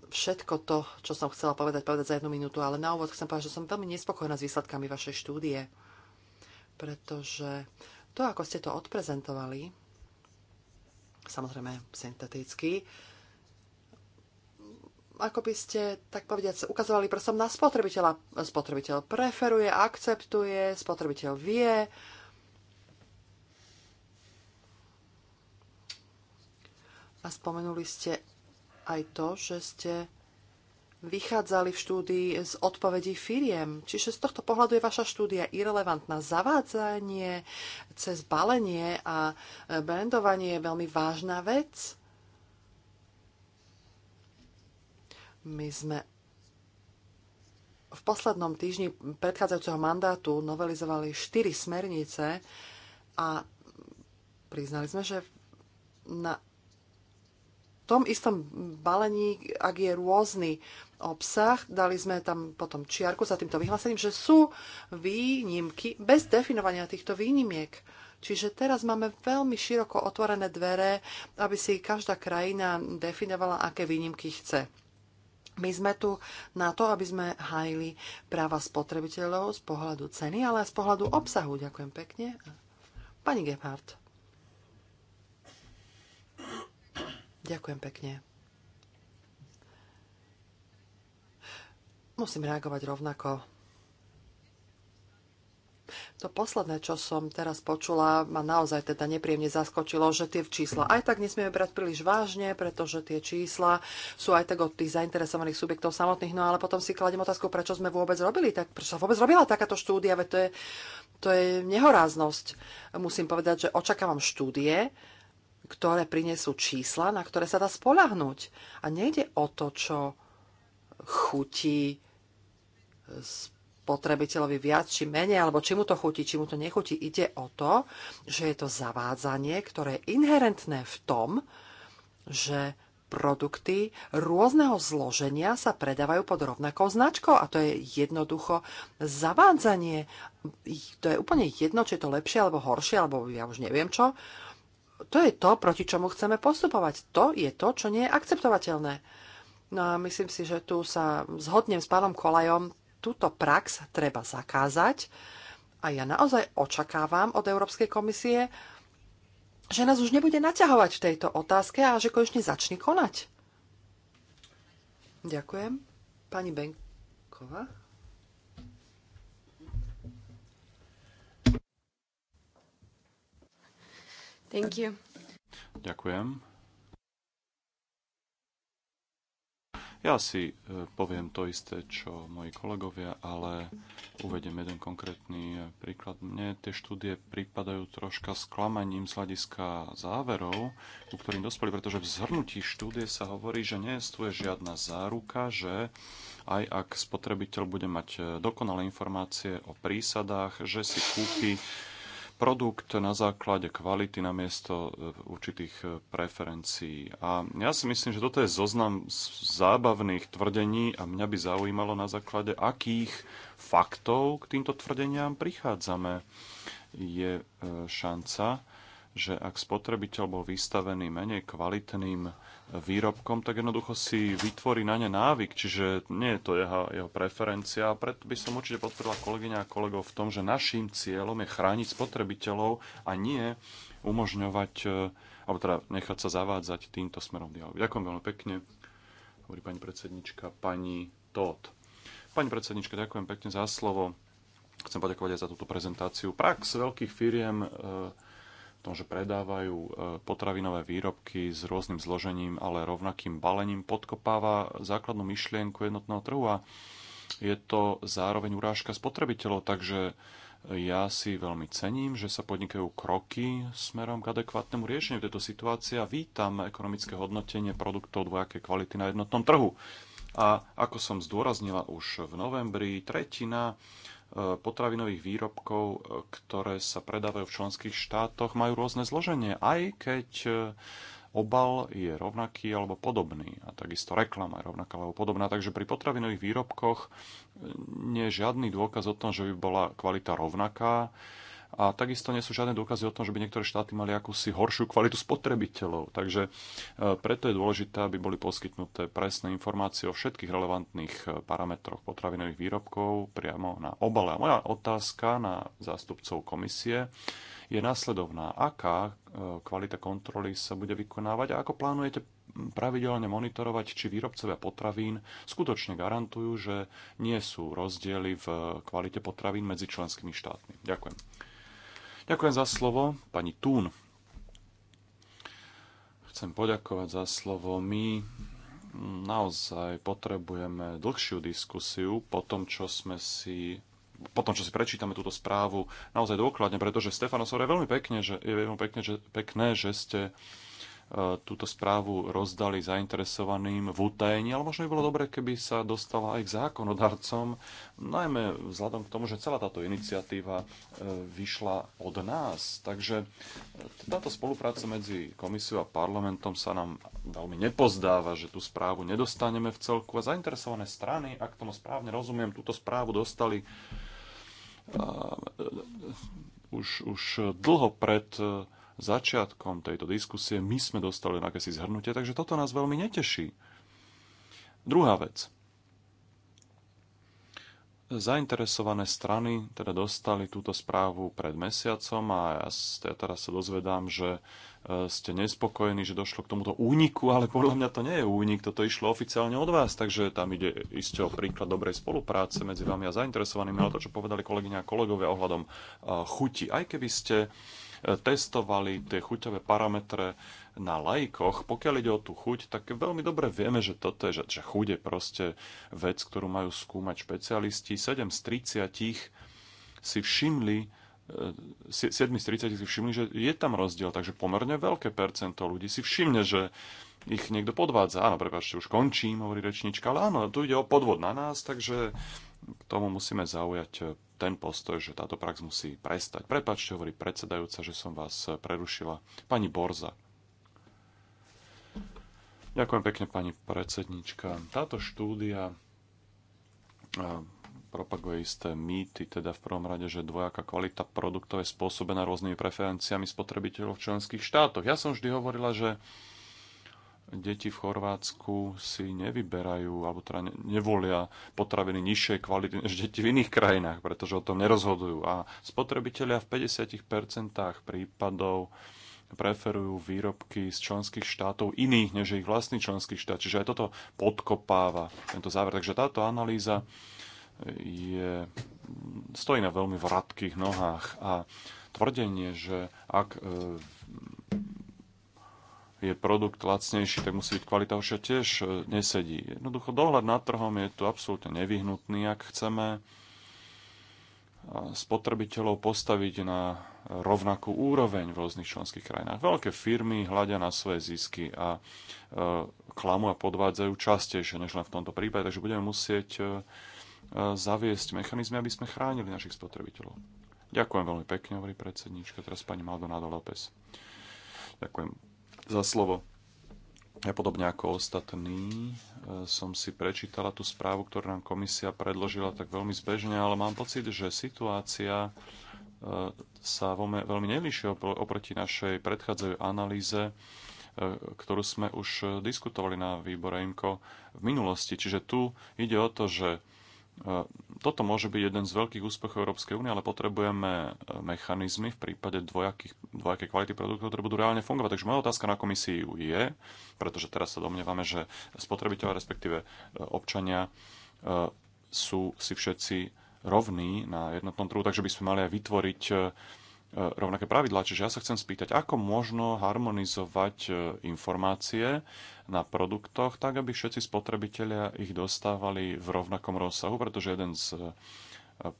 všetko to, čo som chcela povedať, povedať za jednu minútu, ale na úvod chcem povedať, že som veľmi nespokojná s výsledkami vašej štúdie, pretože to, ako ste to odprezentovali, samozrejme synteticky, ako by ste, tak povediať, ukazovali prstom na spotrebiteľa. Spotrebiteľ preferuje, akceptuje, spotrebiteľ vie. A spomenuli ste aj to, že ste vychádzali v štúdii z odpovedí firiem. Čiže z tohto pohľadu je vaša štúdia irrelevantná. Zavádzanie cez balenie a brandovanie je veľmi vážna vec My sme v poslednom týždni predchádzajúceho mandátu novelizovali štyri smernice a priznali sme, že na tom istom balení, ak je rôzny obsah, dali sme tam potom čiarku za týmto vyhlásením, že sú výnimky bez definovania týchto výnimiek. Čiže teraz máme veľmi široko otvorené dvere, aby si každá krajina definovala, aké výnimky chce. My sme tu na to, aby sme hájili práva spotrebiteľov z pohľadu ceny, ale aj z pohľadu obsahu. Ďakujem pekne. Pani Gebhardt. Ďakujem pekne. Musím reagovať rovnako to posledné, čo som teraz počula, ma naozaj teda nepríjemne zaskočilo, že tie čísla aj tak nesmieme brať príliš vážne, pretože tie čísla sú aj tak od tých zainteresovaných subjektov samotných. No ale potom si kladiem otázku, prečo sme vôbec robili tak, prečo sa vôbec robila takáto štúdia, veď to je, to je nehoráznosť. Musím povedať, že očakávam štúdie, ktoré prinesú čísla, na ktoré sa dá spolahnuť. A nejde o to, čo chutí z spotrebiteľovi viac či menej, alebo či mu to chutí, či mu to nechutí. Ide o to, že je to zavádzanie, ktoré je inherentné v tom, že produkty rôzneho zloženia sa predávajú pod rovnakou značkou a to je jednoducho zavádzanie. To je úplne jedno, či je to lepšie alebo horšie, alebo ja už neviem čo. To je to, proti čomu chceme postupovať. To je to, čo nie je akceptovateľné. No a myslím si, že tu sa zhodnem s pánom Kolajom, túto prax treba zakázať a ja naozaj očakávam od Európskej komisie, že nás už nebude naťahovať v tejto otázke a že konečne začne konať. Ďakujem. Pani Benková. Thank you. Ďakujem. Ja si e, poviem to isté, čo moji kolegovia, ale uvedem jeden konkrétny e, príklad. Mne tie štúdie pripadajú troška sklamaním z hľadiska záverov, ku ktorým dospeli, pretože v zhrnutí štúdie sa hovorí, že je žiadna záruka, že aj ak spotrebiteľ bude mať e, dokonalé informácie o prísadách, že si kúpi produkt na základe kvality namiesto e, určitých e, preferencií. A ja si myslím, že toto je zoznam zábavných tvrdení a mňa by zaujímalo na základe akých faktov k týmto tvrdeniam prichádzame. Je e, šanca, že ak spotrebiteľ bol vystavený menej kvalitným výrobkom, tak jednoducho si vytvorí na ne návyk, čiže nie je to jeho, jeho preferencia. A preto by som určite podporila kolegyňa a kolegov v tom, že našim cieľom je chrániť spotrebiteľov a nie umožňovať, e, alebo teda nechať sa zavádzať týmto smerom dialogu. Ďakujem veľmi pekne, hovorí pani predsednička, pani Todd. Pani predsednička, ďakujem pekne za slovo. Chcem poďakovať aj za túto prezentáciu. Prax veľkých firiem e, tom, že predávajú e, potravinové výrobky s rôznym zložením, ale rovnakým balením, podkopáva základnú myšlienku jednotného trhu a je to zároveň urážka spotrebiteľov, takže ja si veľmi cením, že sa podnikajú kroky smerom k adekvátnemu riešeniu tejto situácie a vítam ekonomické hodnotenie produktov dvojaké kvality na jednotnom trhu. A ako som zdôraznila už v novembri, tretina potravinových výrobkov, e, ktoré sa predávajú v členských štátoch, majú rôzne zloženie, aj keď e, obal je rovnaký alebo podobný a takisto reklama je rovnaká alebo podobná. Takže pri potravinových výrobkoch e, nie je žiadny dôkaz o tom, že by bola kvalita rovnaká a takisto nie sú žiadne dôkazy o tom, že by niektoré štáty mali akúsi horšiu kvalitu spotrebiteľov. Takže e, preto je dôležité, aby boli poskytnuté presné informácie o všetkých relevantných e, parametroch potravinových výrobkov priamo na obale. A moja otázka na zástupcov komisie je následovná. Aká e, kvalita kontroly sa bude vykonávať a ako plánujete pravidelne monitorovať, či výrobcovia potravín skutočne garantujú, že nie sú rozdiely v kvalite potravín medzi členskými štátmi? Ďakujem. Ďakujem za slovo, pani Tún. Chcem poďakovať za slovo. My naozaj potrebujeme dlhšiu diskusiu po tom, čo sme si potom, čo si prečítame túto správu, naozaj dôkladne, pretože Stefano Sore je veľmi pekne, že, je veľmi pekne, že, pekné, že ste túto správu rozdali zainteresovaným v utajení, ale možno by bolo dobre, keby sa dostala aj k zákonodarcom, najmä vzhľadom k tomu, že celá táto iniciatíva e, vyšla od nás. Takže e, táto spolupráca medzi komisiou a parlamentom sa nám veľmi nepozdáva, že tú správu nedostaneme v celku a zainteresované strany, ak tomu správne rozumiem, túto správu dostali uh, už, už dlho pred uh, začiatkom tejto diskusie my sme dostali na akési zhrnutie, takže toto nás veľmi neteší. Druhá vec. Zainteresované strany teda dostali túto správu pred mesiacom a ja, teraz sa dozvedám, že e, ste nespokojení, že došlo k tomuto úniku, ale podľa mňa to nie je únik, toto išlo oficiálne od vás, takže tam ide isté o príklad dobrej spolupráce medzi vami a zainteresovanými, ale to, čo povedali kolegyňa a kolegovia ohľadom e, chuti. Aj keby ste testovali tie chuťové parametre na lajkoch, pokiaľ ide o tú chuť, tak veľmi dobre vieme, že toto je, že, že chuť je proste vec, ktorú majú skúmať špecialisti. 7 z 30 si všimli, 7 e, z 30 si všimli, že je tam rozdiel, takže pomerne veľké percento ľudí si všimne, že ich niekto podvádza. Áno, prepáčte, už končím, hovorí rečnička, ale áno, tu ide o podvod na nás, takže k tomu musíme zaujať ten postoj, že táto prax musí prestať. Prepačte, hovorí predsedajúca, že som vás prerušila. Pani Borza. Ďakujem pekne, pani predsednička. Táto štúdia propaguje isté mýty, teda v prvom rade, že dvojaká kvalita produktov je spôsobená rôznymi preferenciami spotrebiteľov v členských štátoch. Ja som vždy hovorila, že deti v Chorvátsku si nevyberajú, alebo teda nevolia potraviny nižšej kvality než deti v iných krajinách, pretože o tom nerozhodujú. A spotrebitelia v 50% prípadov preferujú výrobky z členských štátov iných než ich vlastný členský štát. Čiže aj toto podkopáva tento záver. Takže táto analýza je, stojí na veľmi vratkých nohách a tvrdenie, že ak e, je produkt lacnejší, tak musí byť kvalita už tiež e, nesedí. Jednoducho dohľad nad trhom je tu absolútne nevyhnutný, ak chceme e, spotrebiteľov postaviť na rovnakú úroveň v rôznych členských krajinách. Veľké firmy hľadia na svoje zisky a e, klamu a podvádzajú častejšie než len v tomto prípade, takže budeme musieť zaviesť mechanizmy, aby sme chránili našich spotrebiteľov. Ďakujem veľmi pekne, hovorí predsedníčka, teraz pani Maldonado López. Ďakujem za slovo. Ja podobne ako ostatní e, som si prečítala tú správu, ktorú nám komisia predložila tak veľmi zbežne, ale mám pocit, že situácia e, sa veľmi nelíši oproti našej predchádzajúcej analýze, e, ktorú sme už diskutovali na výbore IMCO v minulosti. Čiže tu ide o to, že toto môže byť jeden z veľkých úspechov Európskej únie, ale potrebujeme e, mechanizmy v prípade dvojakých, dvojaké kvality produktov, ktoré budú reálne fungovať. Takže moja otázka na komisiu je, pretože teraz sa domnievame, že spotrebiteľa, respektíve e, občania e, sú si všetci rovní na jednotnom trhu, takže by sme mali aj vytvoriť E, rovnaké pravidlá. Čiže ja sa chcem spýtať, ako možno harmonizovať e, informácie na produktoch, tak aby všetci spotrebitelia ich dostávali v rovnakom rozsahu, pretože jeden z e,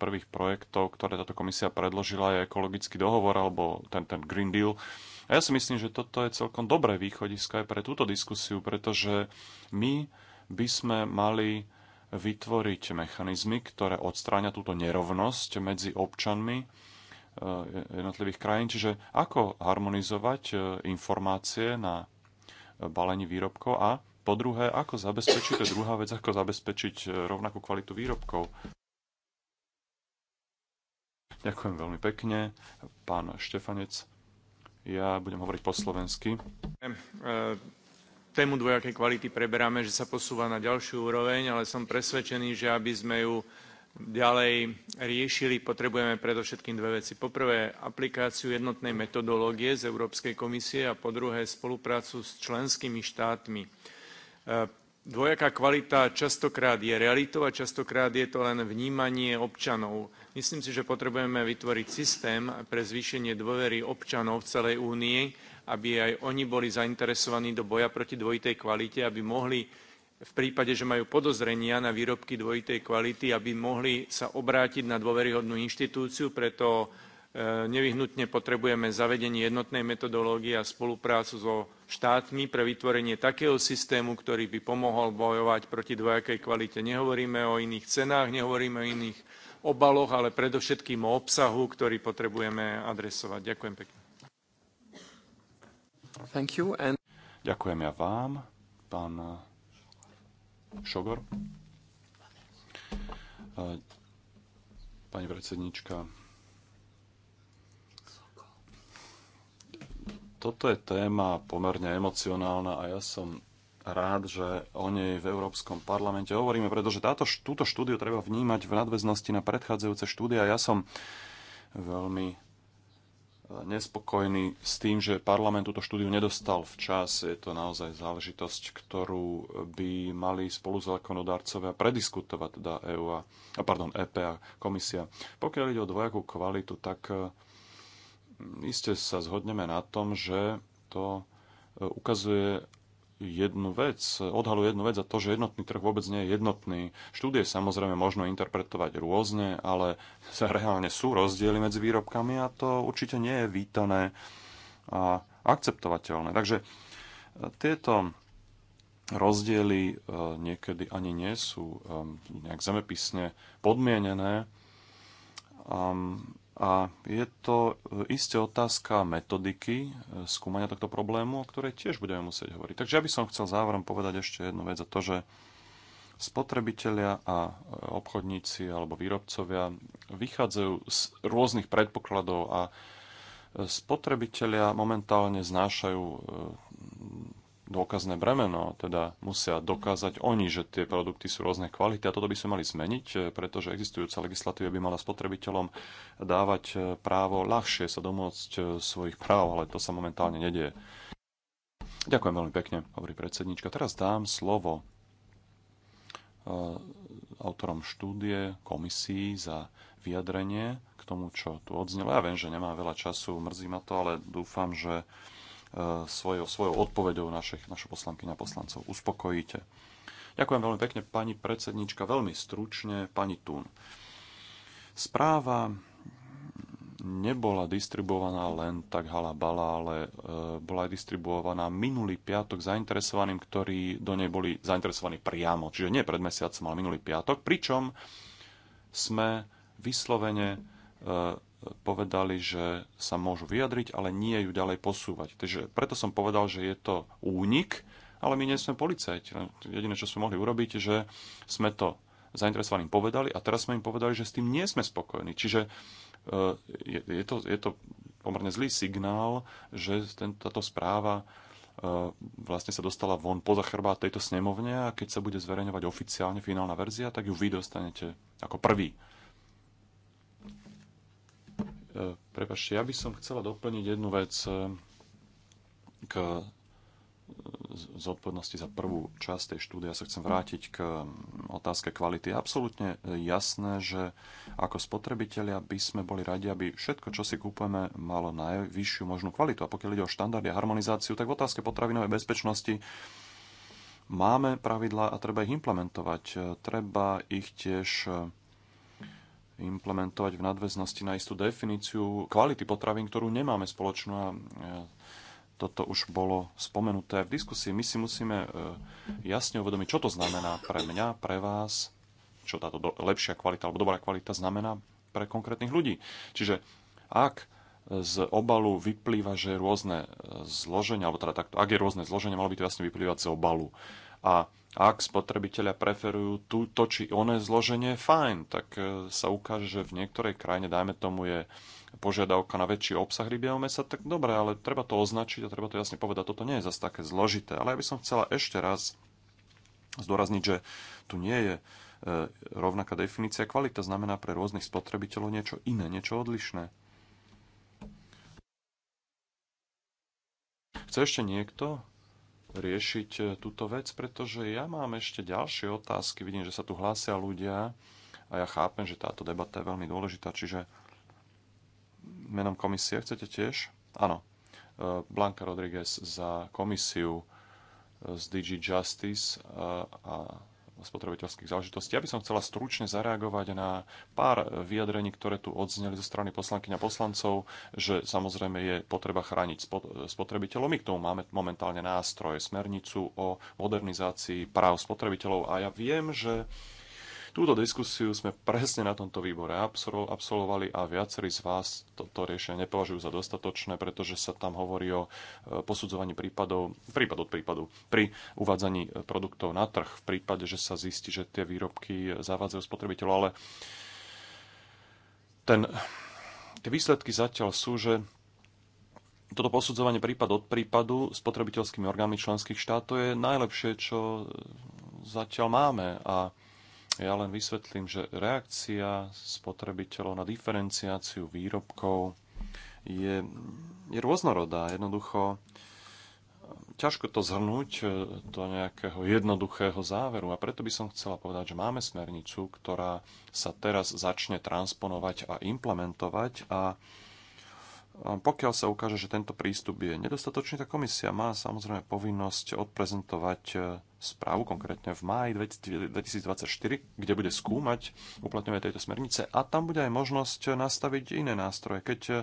prvých projektov, ktoré táto komisia predložila, je ekologický dohovor alebo ten, ten Green Deal. A ja si myslím, že toto je celkom dobré východisko aj pre túto diskusiu, pretože my by sme mali vytvoriť mechanizmy, ktoré odstráňa túto nerovnosť medzi občanmi, Eh, jednotlivých krajín. Čiže ako harmonizovať eh, informácie na eh, balení výrobkov a po druhé, ako zabezpečiť, to je druhá vec, ako zabezpečiť rovnakú kvalitu výrobkov. Ďakujem veľmi pekne, pán Štefanec. Ja budem hovoriť po slovensky. Tému dvojakej kvality preberáme, že sa posúva na ďalšiu úroveň, ale som presvedčený, že aby sme ju ďalej riešili, potrebujeme predovšetkým dve veci. Poprvé, aplikáciu jednotnej metodológie z Európskej komisie a po druhé, spoluprácu s členskými štátmi. E, dvojaká kvalita častokrát je realitou a častokrát je to len vnímanie občanov. Myslím si, že potrebujeme vytvoriť systém pre zvýšenie dôvery občanov v celej únii, aby aj oni boli zainteresovaní do boja proti dvojitej kvalite, aby mohli v prípade, že majú podozrenia na výrobky dvojitej kvality, aby mohli sa obrátiť na dôveryhodnú inštitúciu, preto e, nevyhnutne potrebujeme zavedenie jednotnej metodológie a spoluprácu so štátmi pre vytvorenie takého systému, ktorý by pomohol bojovať proti dvojakej kvalite. Nehovoríme o iných cenách, nehovoríme o iných obaloch, ale predovšetkým o obsahu, ktorý potrebujeme adresovať. Ďakujem pekne. And... Ďakujem ja vám, pán Šogor. Pani predsednička, toto je téma pomerne emocionálna a ja som rád, že o nej v Európskom parlamente hovoríme, pretože táto, túto štúdiu treba vnímať v nadväznosti na predchádzajúce štúdie a Ja som veľmi nespokojní s tým, že parlament túto štúdiu nedostal včas. Je to naozaj záležitosť, ktorú by mali spoluzákonodárcovia prediskutovať, teda EU a, pardon, EP a komisia. Pokiaľ ide o dvojakú kvalitu, tak e, hm, iste sa zhodneme na tom, že to e, ukazuje jednu vec, odhalujú jednu vec a to, že jednotný trh vôbec nie je jednotný. Štúdie samozrejme možno interpretovať rôzne, ale (laughs) reálne sú rozdiely medzi výrobkami a to určite nie je vítané a akceptovateľné. Takže e, tieto rozdiely e, niekedy ani nie sú e, nejak zemepisne podmienené. A je to e, isté otázka metodiky e, skúmania tohto problému, o ktorej tiež budeme musieť hovoriť. Takže ja by som chcel záverom povedať ešte jednu vec a to, že spotrebitelia a e, obchodníci alebo výrobcovia vychádzajú z rôznych predpokladov a spotrebitelia momentálne znášajú dôkazné bremeno, teda musia dokázať oni, že tie produkty sú rôzne kvality a toto by sme mali zmeniť, e, pretože existujúca legislatíva by mala spotrebiteľom dávať e, právo ľahšie sa domôcť e, svojich práv, ale to sa momentálne nedieje. Ďakujem veľmi pekne, hovorí predsednička. Teraz dám slovo autorom štúdie, komisii za vyjadrenie k tomu, čo tu odznelo. Ja viem, že nemá veľa času, mrzí ma to, ale dúfam, že E, svojou, svojou odpovedou našich, našu poslankyňa poslancov uspokojíte. Ďakujem veľmi pekne, pani predsednička, veľmi stručne, pani Tún. Správa nebola distribuovaná len tak halabala, ale e, bola aj distribuovaná minulý piatok zainteresovaným, ktorí do nej boli zainteresovaní priamo. Čiže nie pred mesiacom, ale minulý piatok. Pričom sme vyslovene e, povedali, že sa môžu vyjadriť, ale nie ju ďalej posúvať. Takže preto som povedal, že je to únik, ale my nie sme policajti. Jediné, čo sme mohli urobiť, že sme to zainteresovaným povedali a teraz sme im povedali, že s tým nie sme spokojní. Čiže e, je, je, to, je to pomerne zlý signál, že ten, táto správa e, vlastne sa dostala von poza chrbát tejto snemovne a keď sa bude zverejňovať oficiálne finálna verzia, tak ju vy dostanete ako prvý. Prepašte, ja by som chcela doplniť jednu vec eh, k eh, zodpovednosti za prvú časť tej štúdie. Ja sa chcem vrátiť k mm, otázke kvality. Je absolútne eh, jasné, že ako spotrebitelia by sme boli radi, aby všetko, čo si kúpujeme, malo najvyššiu možnú kvalitu. A pokiaľ ide o štandardy a harmonizáciu, tak v otázke potravinovej bezpečnosti máme pravidlá a treba ich implementovať. Treba ich tiež implementovať v nadväznosti na istú definíciu kvality potravín, ktorú nemáme spoločnú a e, toto už bolo spomenuté v diskusii. My si musíme e, jasne uvedomiť, čo to znamená pre mňa, pre vás, čo táto lepšia kvalita alebo dobrá kvalita znamená pre konkrétnych ľudí. Čiže ak z obalu vyplýva, že rôzne e, zloženie, alebo teda takto, ak je rôzne zloženie, malo by to jasne vyplývať z obalu. A ak spotrebitelia preferujú tú, to či oné zloženie, fajn, tak e, sa ukáže, že v niektorej krajine, dajme tomu, je požiadavka na väčší obsah rybieho mesa, tak dobre, ale treba to označiť a treba to jasne povedať, toto nie je zase také zložité. Ale ja by som chcela ešte raz zdôrazniť, že tu nie je e, rovnaká definícia. Kvalita znamená pre rôznych spotrebiteľov niečo iné, niečo odlišné. Chce ešte niekto riešiť e, túto vec, pretože ja mám ešte ďalšie otázky. Vidím, že sa tu hlásia ľudia a ja chápem, že táto debata je veľmi dôležitá, čiže menom komisie chcete tiež? Áno. E, Blanka Rodriguez za komisiu e, z DG Justice a spotrebiteľských záležitostí. Ja by som chcela stručne zareagovať na pár vyjadrení, ktoré tu odzneli zo strany poslankyň a poslancov, že samozrejme je potreba chrániť spotrebiteľov. My k tomu máme momentálne nástroje, smernicu o modernizácii práv spotrebiteľov a ja viem, že Túto diskusiu sme presne na tomto výbore absolvovali a viacerí z vás toto riešenie nepovažujú za dostatočné, pretože sa tam hovorí o e, posudzovaní prípadov, prípad od prípadu, pri uvádzaní e, produktov na trh v prípade, že sa zistí, že tie výrobky e, zavádzajú spotrebiteľov, ale ten, tie výsledky zatiaľ sú, že toto posudzovanie prípad od prípadu spotrebiteľskými orgánmi členských štátov je najlepšie, čo zatiaľ máme. A ja len vysvetlím, že reakcia spotrebiteľov na diferenciáciu výrobkov je, je rôznorodá. Jednoducho ťažko to zhrnúť e, do nejakého jednoduchého záveru. A preto by som chcela povedať, že máme smernicu, ktorá sa teraz začne transponovať a implementovať a pokiaľ sa ukáže, že tento prístup je nedostatočný, tá komisia má samozrejme povinnosť odprezentovať e, správu, konkrétne v máji 2024, kde bude skúmať uplatňovanie tejto smernice a tam bude aj možnosť nastaviť iné nástroje. Keď e,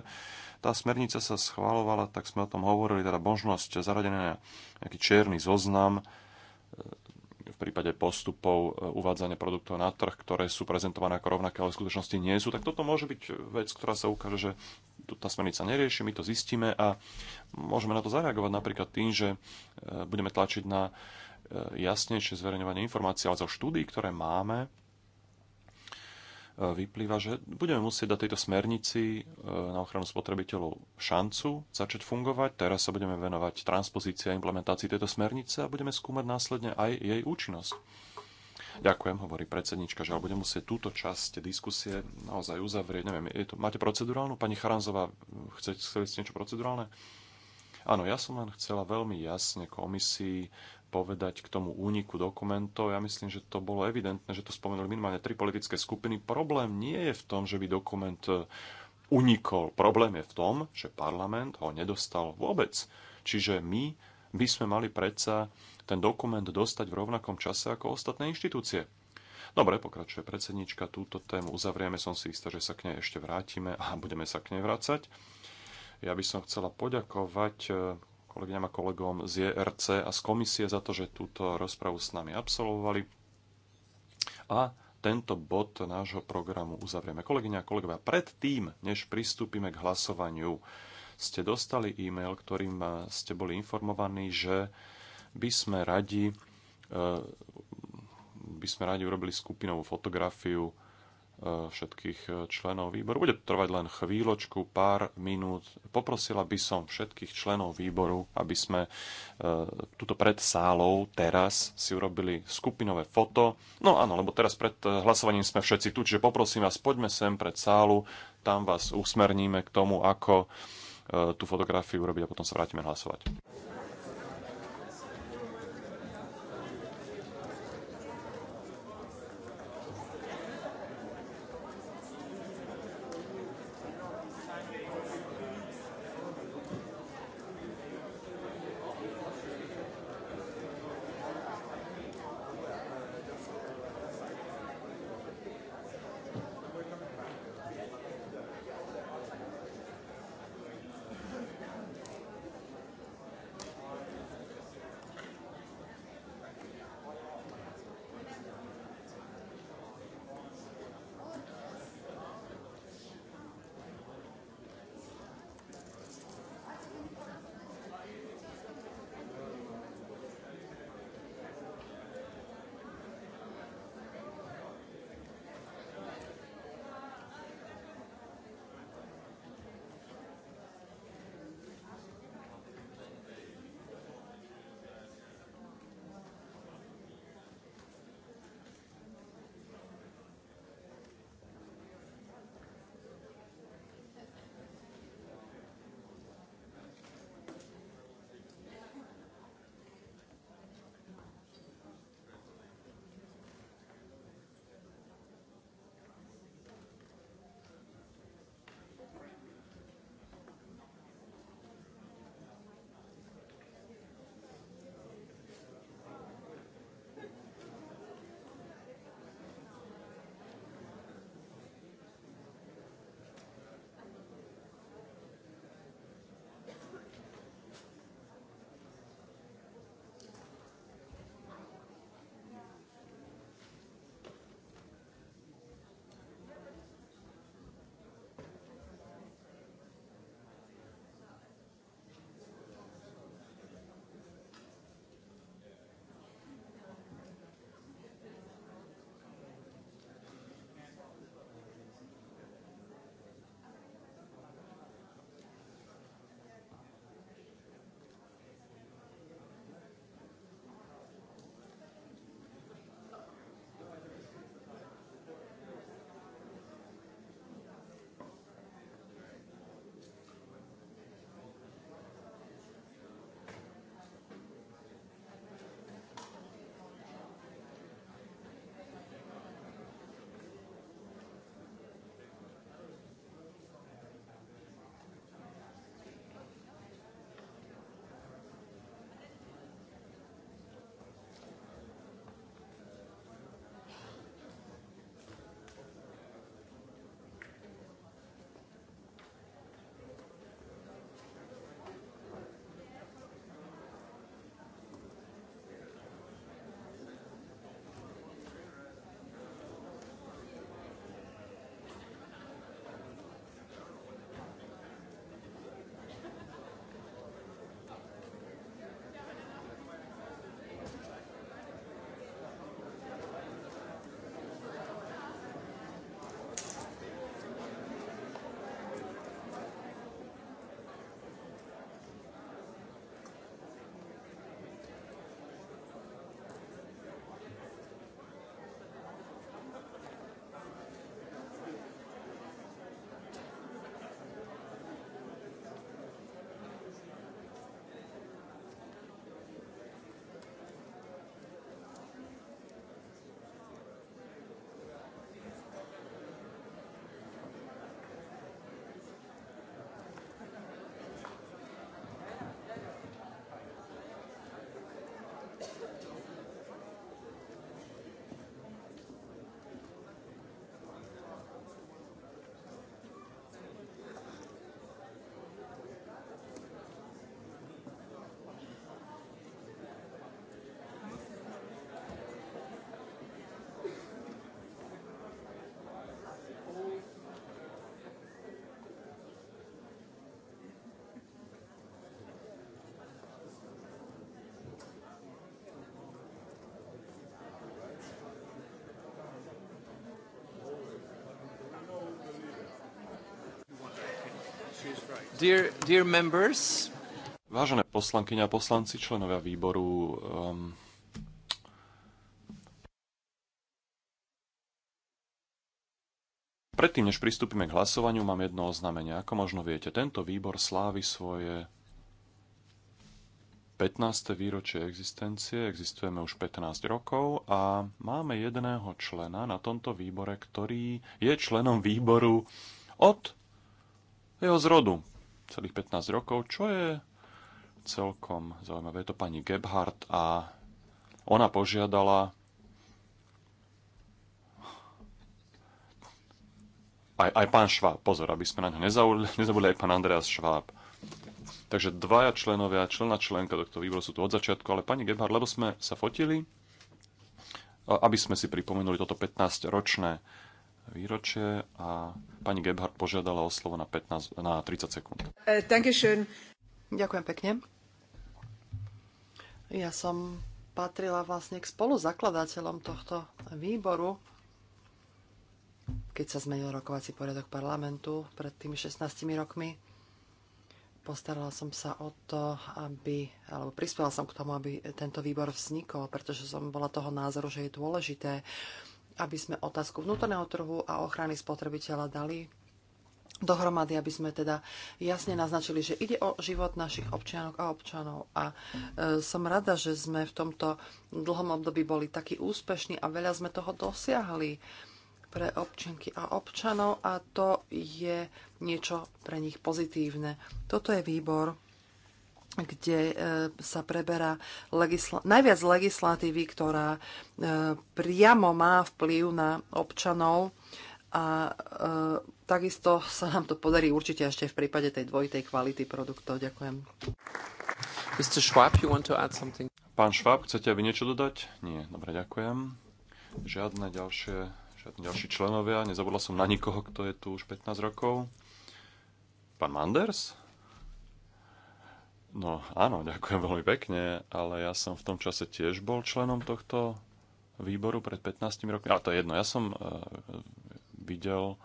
tá smernica sa schválovala, tak sme o tom hovorili, teda možnosť zaradené na nejaký čierny zoznam e, v prípade postupov e, uvádzania produktov na trh, ktoré sú prezentované ako rovnaké, ale v skutočnosti nie sú, tak toto môže byť vec, ktorá sa ukáže, že tá smernica nerieši, my to zistíme a môžeme na to zareagovať napríklad tým, že e, budeme tlačiť na e, jasnejšie zverejňovanie informácií, ale zo štúdí, ktoré máme, E, vyplýva, že budeme musieť dať tejto smernici e, na ochranu spotrebiteľov šancu začať fungovať. Teraz sa budeme venovať transpozícii a implementácii tejto smernice a budeme skúmať následne aj jej účinnosť. Ďakujem, hovorí predsednička, že budem musieť túto časť diskusie naozaj uzavrieť. Neviem, je to, máte procedurálnu? Pani Charanzová, chcete, chceli ste niečo procedurálne? Áno, ja som len chcela veľmi jasne komisii povedať k tomu úniku dokumentov. Ja myslím, že to bolo evidentné, že to spomenuli minimálne tri politické skupiny. Problém nie je v tom, že by dokument e, unikol. Problém je v tom, že parlament ho nedostal vôbec. Čiže my by sme mali predsa ten dokument dostať v rovnakom čase ako ostatné inštitúcie. Dobre, pokračuje predsednička, túto tému uzavrieme, som si istá, že sa k nej ešte vrátime a budeme sa k nej vrácať. Ja by som chcela poďakovať e, kolegyňam a kolegom z JRC e a z komisie za to, že túto rozpravu s nami absolvovali. A tento bod nášho programu uzavrieme. Kolegyňa a kolegovia, predtým, než pristúpime k hlasovaniu, ste dostali e-mail, ktorým ste boli informovaní, že by sme radi, e, by sme radi urobili skupinovú fotografiu E, všetkých e, členov výboru. Bude trvať len chvíľočku, pár minút. Poprosila by som všetkých členov výboru, aby sme e, tuto pred sálou teraz si urobili skupinové foto. No áno, lebo teraz pred hlasovaním sme všetci tu, čiže poprosím vás, poďme sem pred sálu, tam vás usmerníme k tomu, ako tú fotografiu urobiť a potom sa vrátime hlasovať. Dear, dear members. Vážené poslankyne a poslanci, členovia výboru, um, Predtým, než pristúpime k hlasovaniu, mám jedno oznámenie. Ako možno viete, tento výbor slávi svoje 15. výročie existencie. Existujeme už 15 rokov a máme jedného člena na tomto výbore, ktorý je členom výboru od jeho zrodu celých 15 rokov, čo je celkom zaujímavé. Je to pani Gebhardt a ona požiadala aj, aj pán Šváb, pozor, aby sme na ňo nezabudli, (laughs) nezabudli aj pán Andreas Šváb. Takže dvaja členovia, člena členka tohto výboru sú tu od začiatku, ale pani Gebhardt, lebo sme sa fotili, aby sme si pripomenuli toto 15-ročné výročie a pani Gebhardt požiadala o slovo na, 15, na 30 sekúnd. E, Ďakujem pekne. Ja som patrila vlastne k spoluzakladateľom tohto výboru, keď sa zmenil rokovací poriadok parlamentu pred tými 16 rokmi. Postarala som sa o to, aby, alebo prispela som k tomu, aby tento výbor vznikol, pretože som bola toho názoru, že je dôležité aby sme otázku vnútorného trhu a ochrany spotrebiteľa dali dohromady, aby sme teda jasne naznačili, že ide o život našich občianok a občanov. A e, som rada, že sme v tomto dlhom období boli takí úspešní a veľa sme toho dosiahli pre občianky a občanov a to je niečo pre nich pozitívne. Toto je výbor, kde e, sa preberá legisla- najviac legislatívy, ktorá e, priamo má vplyv na občanov a e, takisto sa nám to podarí určite ešte v prípade tej dvojitej kvality produktov. Ďakujem. Mr. Schwab, you want to add something? Pán Schwab, chcete aby niečo dodať? Nie, dobre, ďakujem. Žiadne ďalšie, žiadne ďalší členovia, nezabudla som na nikoho, kto je tu už 15 rokov. Pán Manders? No áno, ďakujem veľmi pekne, ale ja som v tom čase tiež bol členom tohto výboru pred 15 rokmi. Ale to je jedno, ja som e, videl,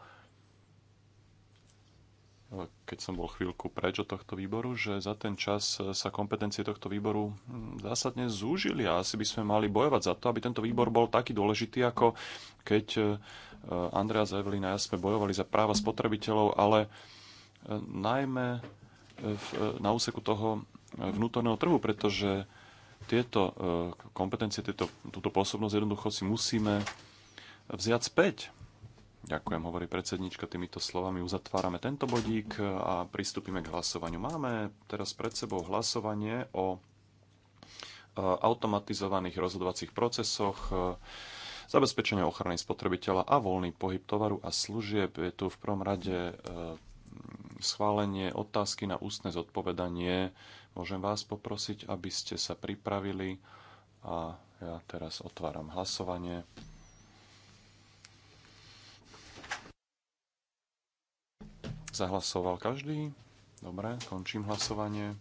e, keď som bol chvíľku preč od tohto výboru, že za ten čas e, sa kompetencie tohto výboru mm, zásadne zúžili a asi by sme mali bojovať za to, aby tento výbor bol taký dôležitý, ako keď Andrea Zevelina a ja sme bojovali za práva spotrebiteľov, ale najmä v, na úseku toho e, vnútorného trhu, pretože tieto e, kompetencie, tieto, túto pôsobnosť jednoducho si musíme vziať späť. Ďakujem, hovorí predsednička. Týmito slovami uzatvárame tento bodík a pristúpime k hlasovaniu. Máme teraz pred sebou hlasovanie o e, automatizovaných rozhodovacích procesoch, zabezpečenia ochrany spotrebiteľa a voľný pohyb tovaru a služieb. Je tu v prvom rade schválenie otázky na ústne zodpovedanie. Môžem vás poprosiť, aby ste sa pripravili a ja teraz otváram hlasovanie. Zahlasoval každý? Dobre, končím hlasovanie.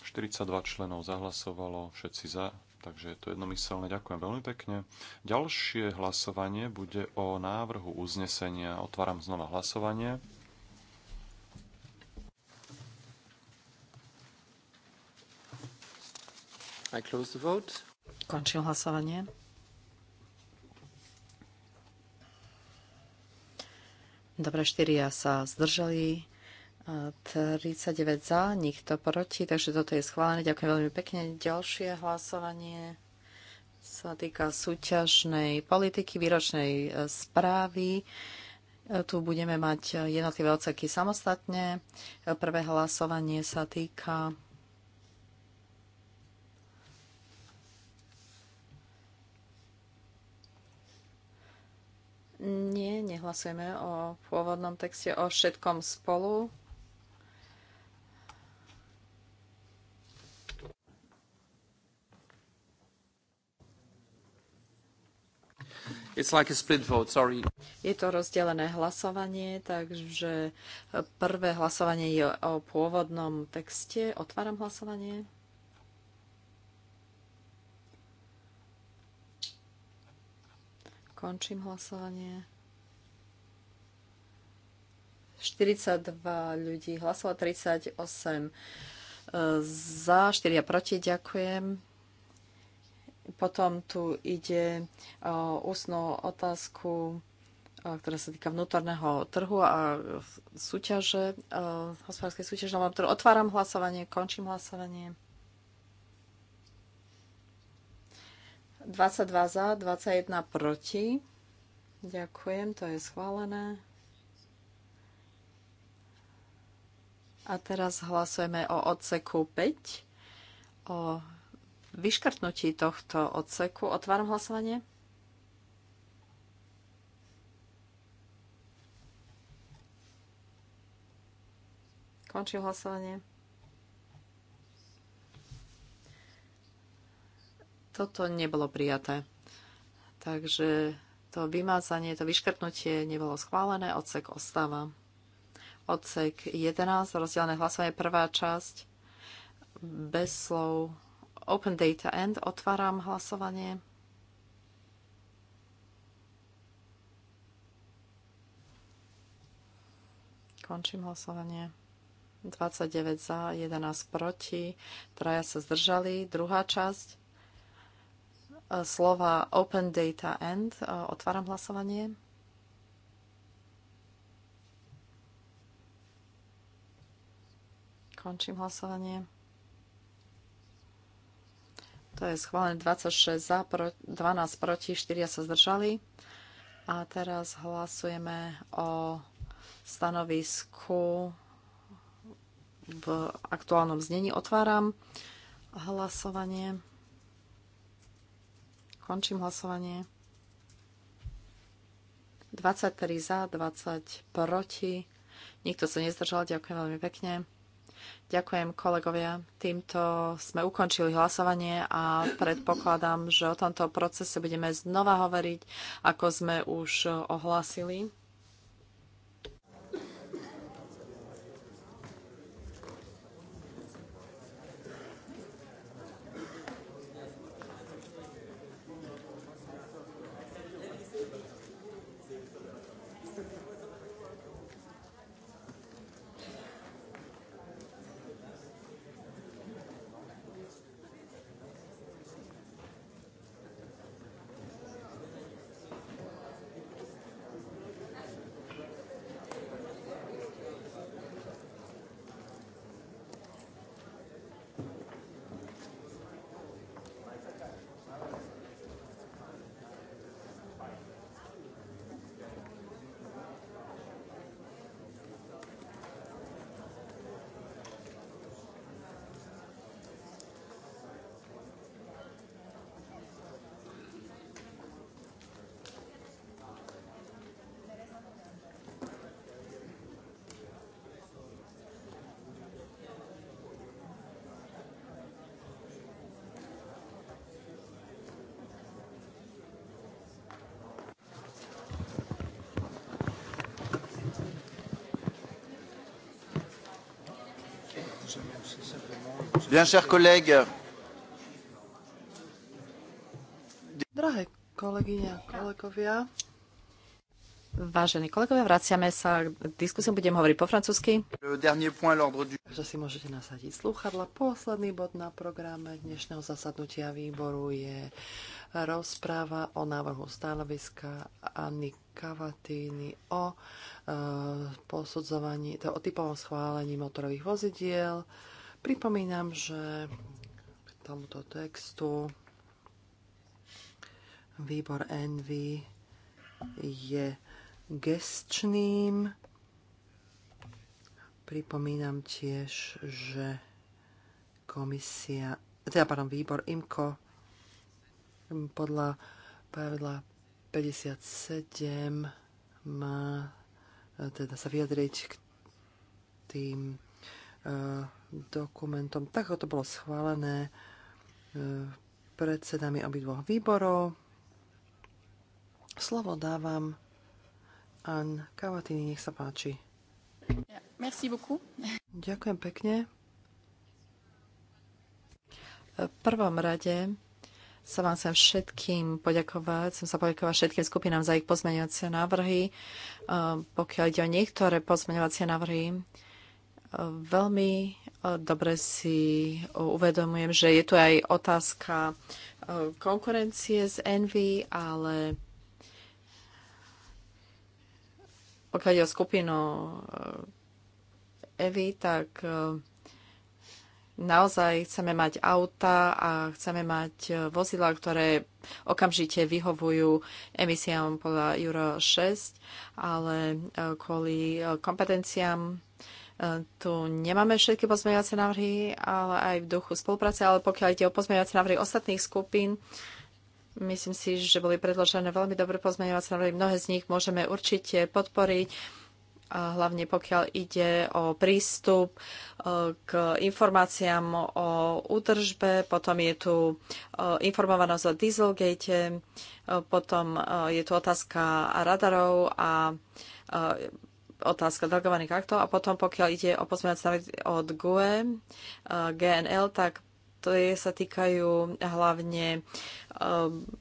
42 členov zahlasovalo, všetci za, Takže je to jednomyselné. Ďakujem veľmi pekne. Ďalšie hlasovanie bude o návrhu uznesenia. Otváram znova hlasovanie. I close the vote. Končím hlasovanie. Dobre, štyria sa zdržali. 39 za, nikto proti, takže toto je schválené. Ďakujem veľmi pekne. Ďalšie hlasovanie sa týka súťažnej politiky, výročnej e, správy. E, tu budeme mať jednotlivé oceky samostatne. E, prvé hlasovanie sa týka Nie, nehlasujeme o pôvodnom texte, o všetkom spolu. Like vote, je to rozdelené hlasovanie, takže prvé hlasovanie je o pôvodnom texte. Otváram hlasovanie. Končím hlasovanie. 42 ľudí hlasovalo, 38 eh, za, 4 proti, ďakujem. Potom tu ide o ústnú otázku, ktorá sa týka vnútorného trhu a súťaže, hospodárskej súťaže na Otváram hlasovanie, končím hlasovanie. 22 za, 21 proti. Ďakujem, to je schválené. A teraz hlasujeme o odseku 5, o vyškrtnutí tohto odseku. Otváram hlasovanie. Končím hlasovanie. Toto nebolo prijaté. Takže to vymázanie, to vyškrtnutie nebolo schválené, odsek ostáva. Odsek 11, rozdielne hlasovanie, prvá časť, bez slov Open Data End. Otváram hlasovanie. Končím hlasovanie. 29 za, 11 proti, traja sa zdržali. Druhá časť. E, slova Open Data End. E, otváram hlasovanie. Končím hlasovanie. To je schválené 26 za, 12 proti, 4 sa zdržali. A teraz hlasujeme o stanovisku v aktuálnom znení. Otváram hlasovanie. Končím hlasovanie. 23 za, 20 proti. Nikto sa nezdržal, ďakujem veľmi pekne. Ďakujem kolegovia. Týmto sme ukončili hlasovanie a predpokladám, že o tomto procese budeme znova hovoriť, ako sme už ohlásili. Bien, chers collègues. Drahé kolegyne a kolegovia, Vážení kolegovia, vraciame sa k diskusiu, budem hovoriť po francúzsky. Takže si môžete nasadiť slúchadla. Posledný bod na programe dnešného zasadnutia výboru je rozpráva o návrhu stanoviska Anny Kavatíny o e, posudzovaní, to, o typovom schválení motorových vozidiel. E, Pripomínam, že k tomuto textu výbor Envy je gestčným. Pripomínam tiež, že komisia, teda pardon, výbor IMKO podľa pravidla 57 má teda sa vyjadriť k tým uh, dokumentom, tak to bolo schválené e, predsedami obidvoch výborov. Slovo dávam Ann Kavatini, nech sa páči. Merci beaucoup. Ďakujem pekne. E, v prvom rade sa vám chcem všetkým poďakovať. Chcem sa poďakovať všetkým skupinám za ich pozmeňovacie návrhy. E, pokiaľ ide o niektoré pozmeňovacie návrhy, Veľmi e, dobre si e, uvedomujem, že je tu aj otázka e, konkurencie z Envy, ale pokiaľ je o skupinu Evy, tak naozaj chceme mať auta a chceme mať vozidla, ktoré okamžite vyhovujú emisiám podľa Euro 6, ale kvôli kompetenciám E, tu nemáme všetky pozmeňovacie návrhy, ale aj v duchu spolupráce, ale pokiaľ ide o pozmeňovacie návrhy ostatných skupín, myslím si, že boli predložené veľmi dobré pozmeňovacie návrhy. Mnohé z nich môžeme určite podporiť e, hlavne pokiaľ ide o prístup e, k informáciám o údržbe, potom je tu informovanosť o Dieselgate, potom je tu otázka radarov a otázka delegovaných aktov a potom pokiaľ ide o pozmeňovací návrh od GUE, eh, GNL, tak to je, sa týkajú hlavne eh,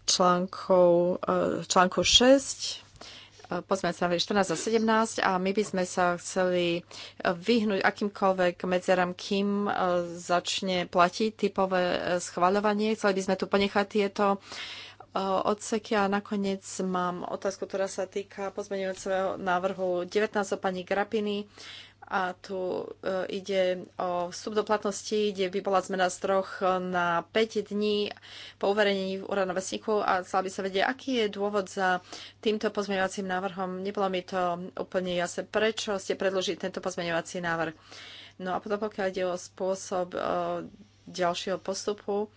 článkov, eh, článku 6 pozmeňovací návrh 14 a 17 a my by sme sa chceli vyhnúť akýmkoľvek medzeram, kým začne platiť typové schvaľovanie. Chceli by sme tu ponechať tieto uh, Eh, odseky a nakoniec mám otázku, ktorá sa týka pozmeňujúceho návrhu 19 pani Grapiny a tu eh, ide o vstup do platnosti, kde by bola zmena z troch na 5 dní po uverejnení v úradnovesníku a chcela by sa vedieť, aký je dôvod za týmto pozmeňovacím návrhom. Nebolo mi to úplne jasné, prečo ste predložili tento pozmeňovací návrh. No a potom pokiaľ ide o spôsob eh, ďalšieho postupu,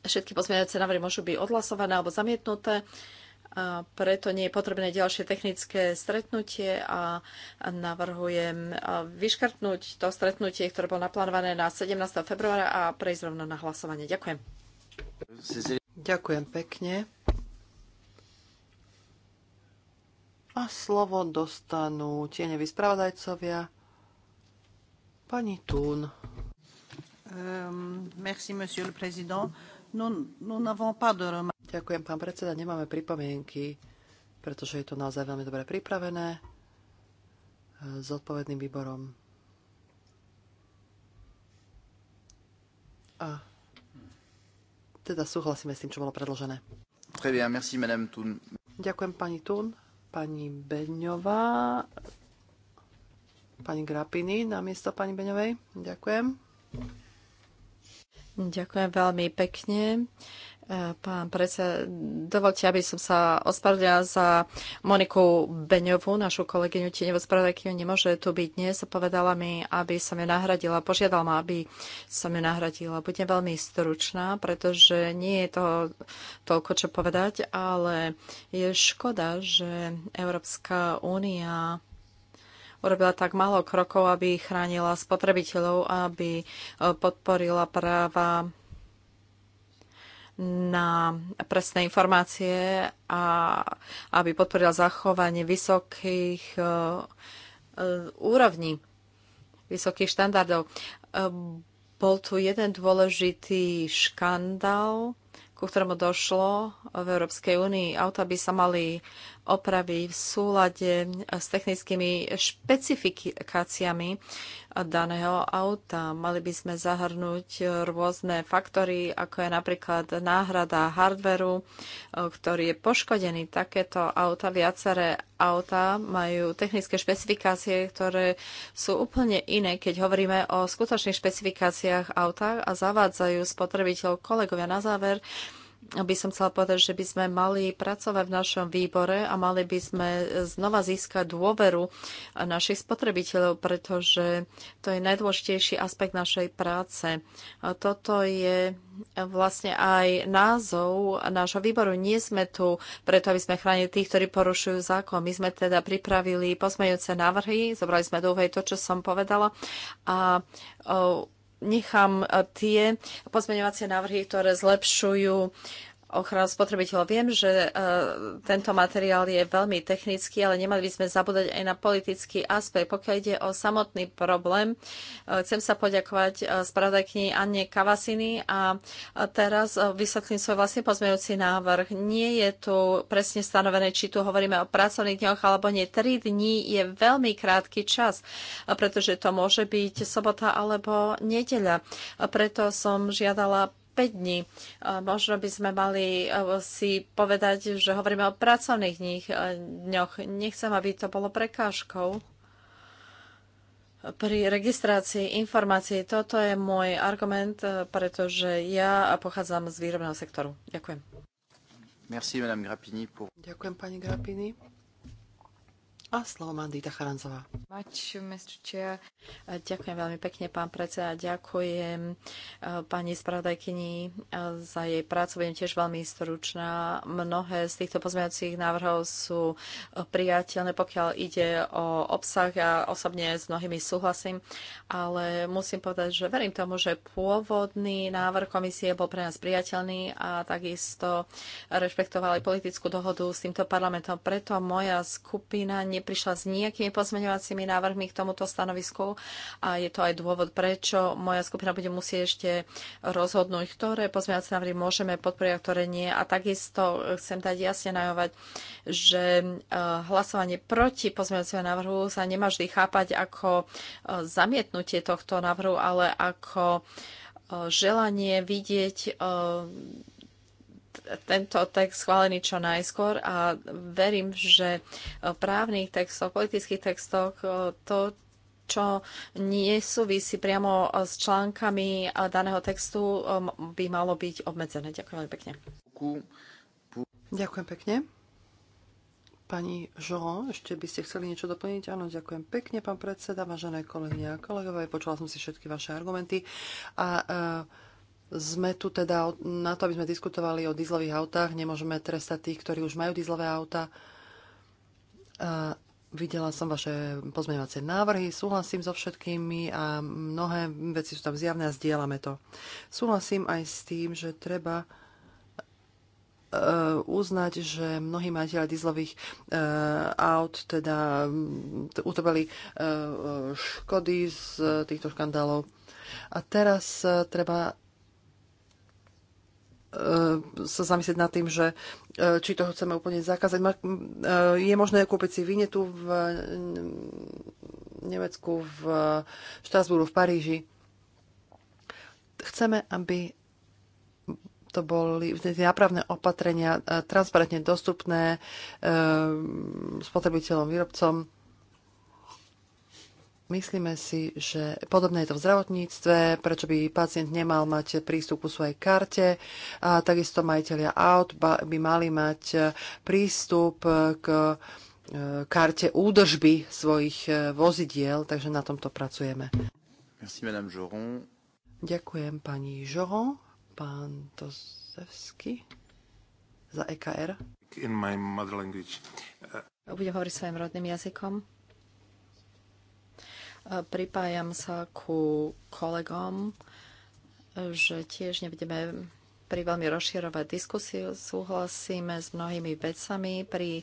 Všetky pozmeňujúce návrhy môžu byť odhlasované alebo zamietnuté. A preto nie je potrebné ďalšie technické stretnutie a navrhujem vyškrtnúť to stretnutie, ktoré bolo naplánované na 17. februára a prejsť rovno na hlasovanie. Ďakujem. Ďakujem pekne. A slovo dostanú tieňoví spravodajcovia. Pani Tún. Um, ehm, merci, monsieur le président. No, no, Ďakujem, pán predseda. Nemáme pripomienky, pretože je to naozaj veľmi dobre pripravené e, s odpovedným výborom. A teda súhlasíme s tým, čo bolo predložené. Ďakujem pani Tun, pani Beňová, pani Grapini na miesto pani Beňovej. Ďakujem. Ďakujem veľmi pekne. E, pán predseda, dovolte, aby som sa ospravedlnila za Moniku Beňovú, našu kolegyňu Tieňovú spravodajkyňu, nemôže tu byť dnes. Povedala mi, aby som ju nahradila, požiadala ma, aby som ju nahradila. Budem veľmi stručná, pretože nie je to toľko, čo povedať, ale je škoda, že Európska únia urobila tak málo krokov, aby chránila spotrebiteľov, aby e, podporila práva na presné informácie a aby podporila zachovanie vysokých e, e, úrovní, vysokých štandardov. Bol tu jeden dôležitý škandál, ku ktorému došlo v Európskej únii. Auta by sa mali opravy v súlade s technickými špecifikáciami daného auta. Mali by sme zahrnúť rôzne faktory, ako je napríklad náhrada hardveru, ktorý je poškodený. Takéto auta, viaceré auta majú technické špecifikácie, ktoré sú úplne iné, keď hovoríme o skutočných špecifikáciách auta a zavádzajú spotrebiteľov kolegovia. Na záver, by som chcela povedať, že by sme mali pracovať v našom výbore a mali by sme znova získať dôveru našich spotrebiteľov, pretože to je najdôležitejší aspekt našej práce. Toto je vlastne aj názov nášho výboru. Nie sme tu preto, aby sme chránili tých, ktorí porušujú zákon. My sme teda pripravili pozmejúce návrhy, zobrali sme do to, čo som povedala a nechám eh, tie pozmeňovacie návrhy, ktoré zlepšujú ochranu spotrebiteľov. Viem, že e, tento materiál je veľmi technický, ale nemali by sme zabúdať aj na politický aspekt. Pokiaľ ide o samotný problém, e, chcem sa poďakovať e, spravodajkyni Anne Kavasiny a teraz vysvetlím svoj vlastný pozmejúci návrh. Nie je tu presne stanovené, či tu hovoríme o pracovných dňoch alebo nie. tri dní je veľmi krátky čas, pretože to môže byť sobota alebo nedeľa. Preto som žiadala 5 dní. Možno by sme mali e, si povedať, že hovoríme o pracovných e, dňoch. Nechcem, aby to bolo prekážkou pri registrácii informácií. Toto je môj argument, e, pretože ja pochádzam z výrobného sektoru. Ďakujem. Merci, Madame Grappini. Pour... Ďakujem, pani Grappini. A slovo má Dita Charanzová. Ďakujem veľmi pekne, pán predseda. Ďakujem e, pani spravodajkyni e, za jej prácu. Budem tiež veľmi stručná. Mnohé z týchto pozmeňujúcich návrhov sú e, priateľné, pokiaľ ide o obsah. Ja osobne s mnohými súhlasím, ale musím povedať, že verím tomu, že pôvodný návrh komisie bol pre nás priateľný a takisto rešpektovali politickú dohodu s týmto parlamentom. Preto moja skupina neprišla s nejakými pozmeňovacími návrhmi k tomuto stanovisku a je to aj dôvod, prečo moja skupina bude musieť ešte rozhodnúť, ktoré pozmeňovacie návrhy môžeme podporiť a ktoré nie. A takisto chcem dať jasne najovať, že e, hlasovanie proti pozmeňovacieho návrhu sa nemá vždy chápať ako e, zamietnutie tohto návrhu, ale ako e, želanie vidieť tento text schválený čo najskôr a verím, že v právnych textoch, politických textoch to, čo nesúvisí priamo s článkami daného textu, um, by malo byť obmedzené. Ďakujem veľmi pekne. Ďakujem pekne. Pani Žoho, ešte by ste chceli niečo doplniť? Áno, ďakujem pekne, pán predseda, vážené kolegyne a kolegové. Počula som si všetky vaše argumenty. A uh, sme tu teda na to, aby sme diskutovali o dieselových autách. Nemôžeme trestať tých, ktorí už majú dieselové auta. A videla som vaše pozmeňovacie návrhy, súhlasím so všetkými a mnohé veci sú tam zjavné a zdieľame to. Súhlasím aj s tým, že treba e, uznať, že mnohí majiteľe dizlových e, aut teda utrpeli e, škody z týchto škandálov. A teraz treba E, sa zamyslieť nad tým, že e, či to chceme úplne zakázať. E, je možné kúpiť si vinetu v Nemecku, v Štrasburu, v Paríži. Chceme, aby to boli tie nápravné opatrenia transparentne dostupné spotrebiteľom, výrobcom Myslíme si, že podobné je to v zdravotníctve, prečo by pacient nemal mať prístup ku svojej karte a takisto majiteľia aut by mali mať e, prístup k e, karte údržby svojich e, vozidiel, takže na tomto pracujeme. Merci, Madame Joron. Ďakujem pani Joron, pán Tozevsky za EKR. In my mother language. Budem hovoriť svojim rodným jazykom. E, pripájam sa ku kolegom, e, že tiež nebudeme pri veľmi rozširovať diskusiu. Súhlasíme s mnohými vecami. Pri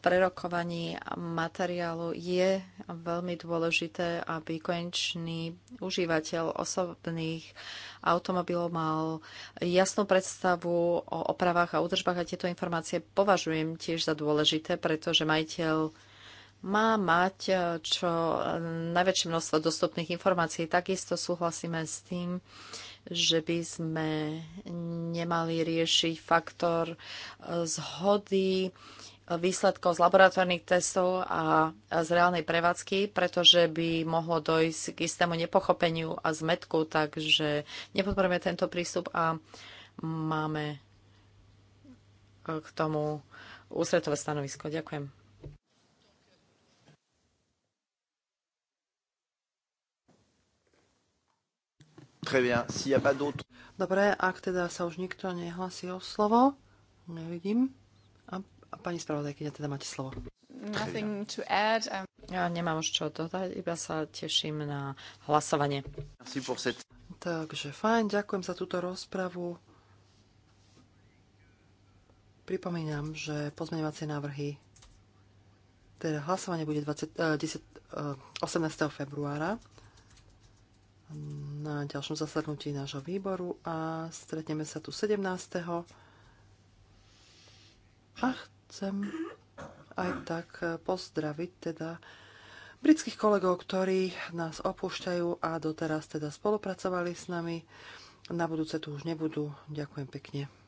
prerokovaní materiálu je veľmi dôležité, aby konečný užívateľ osobných automobilov mal jasnú predstavu o opravách a údržbách a tieto informácie považujem tiež za dôležité, pretože majiteľ má mať e, čo e, najväčšie množstvo dostupných informácií. Takisto súhlasíme s tým, že by sme nemali riešiť faktor e, zhody výsledkov z laboratórnych testov a z reálnej prevádzky, pretože by mohlo dojsť k istému nepochopeniu a zmetku, takže nepodporujeme tento prístup a máme k tomu ústretové stanovisko. Ďakujem. Dobre, ak teda sa už nikto nehlasí o slovo, nevidím. A, a pani spravodajky, ja teda máte slovo. to Add, um... Ja nemám už čo dodať, iba sa teším na hlasovanie. Takže fajn, ďakujem za túto rozpravu. Pripomínam, že pozmeňovacie návrhy, teda hlasovanie bude 20, 10, 18. februára na ďalšom zasadnutí nášho výboru a stretneme sa tu 17. A chcem aj tak pozdraviť teda britských kolegov, ktorí nás opúšťajú a doteraz teda spolupracovali s nami. Na budúce tu už nebudú. Ďakujem pekne.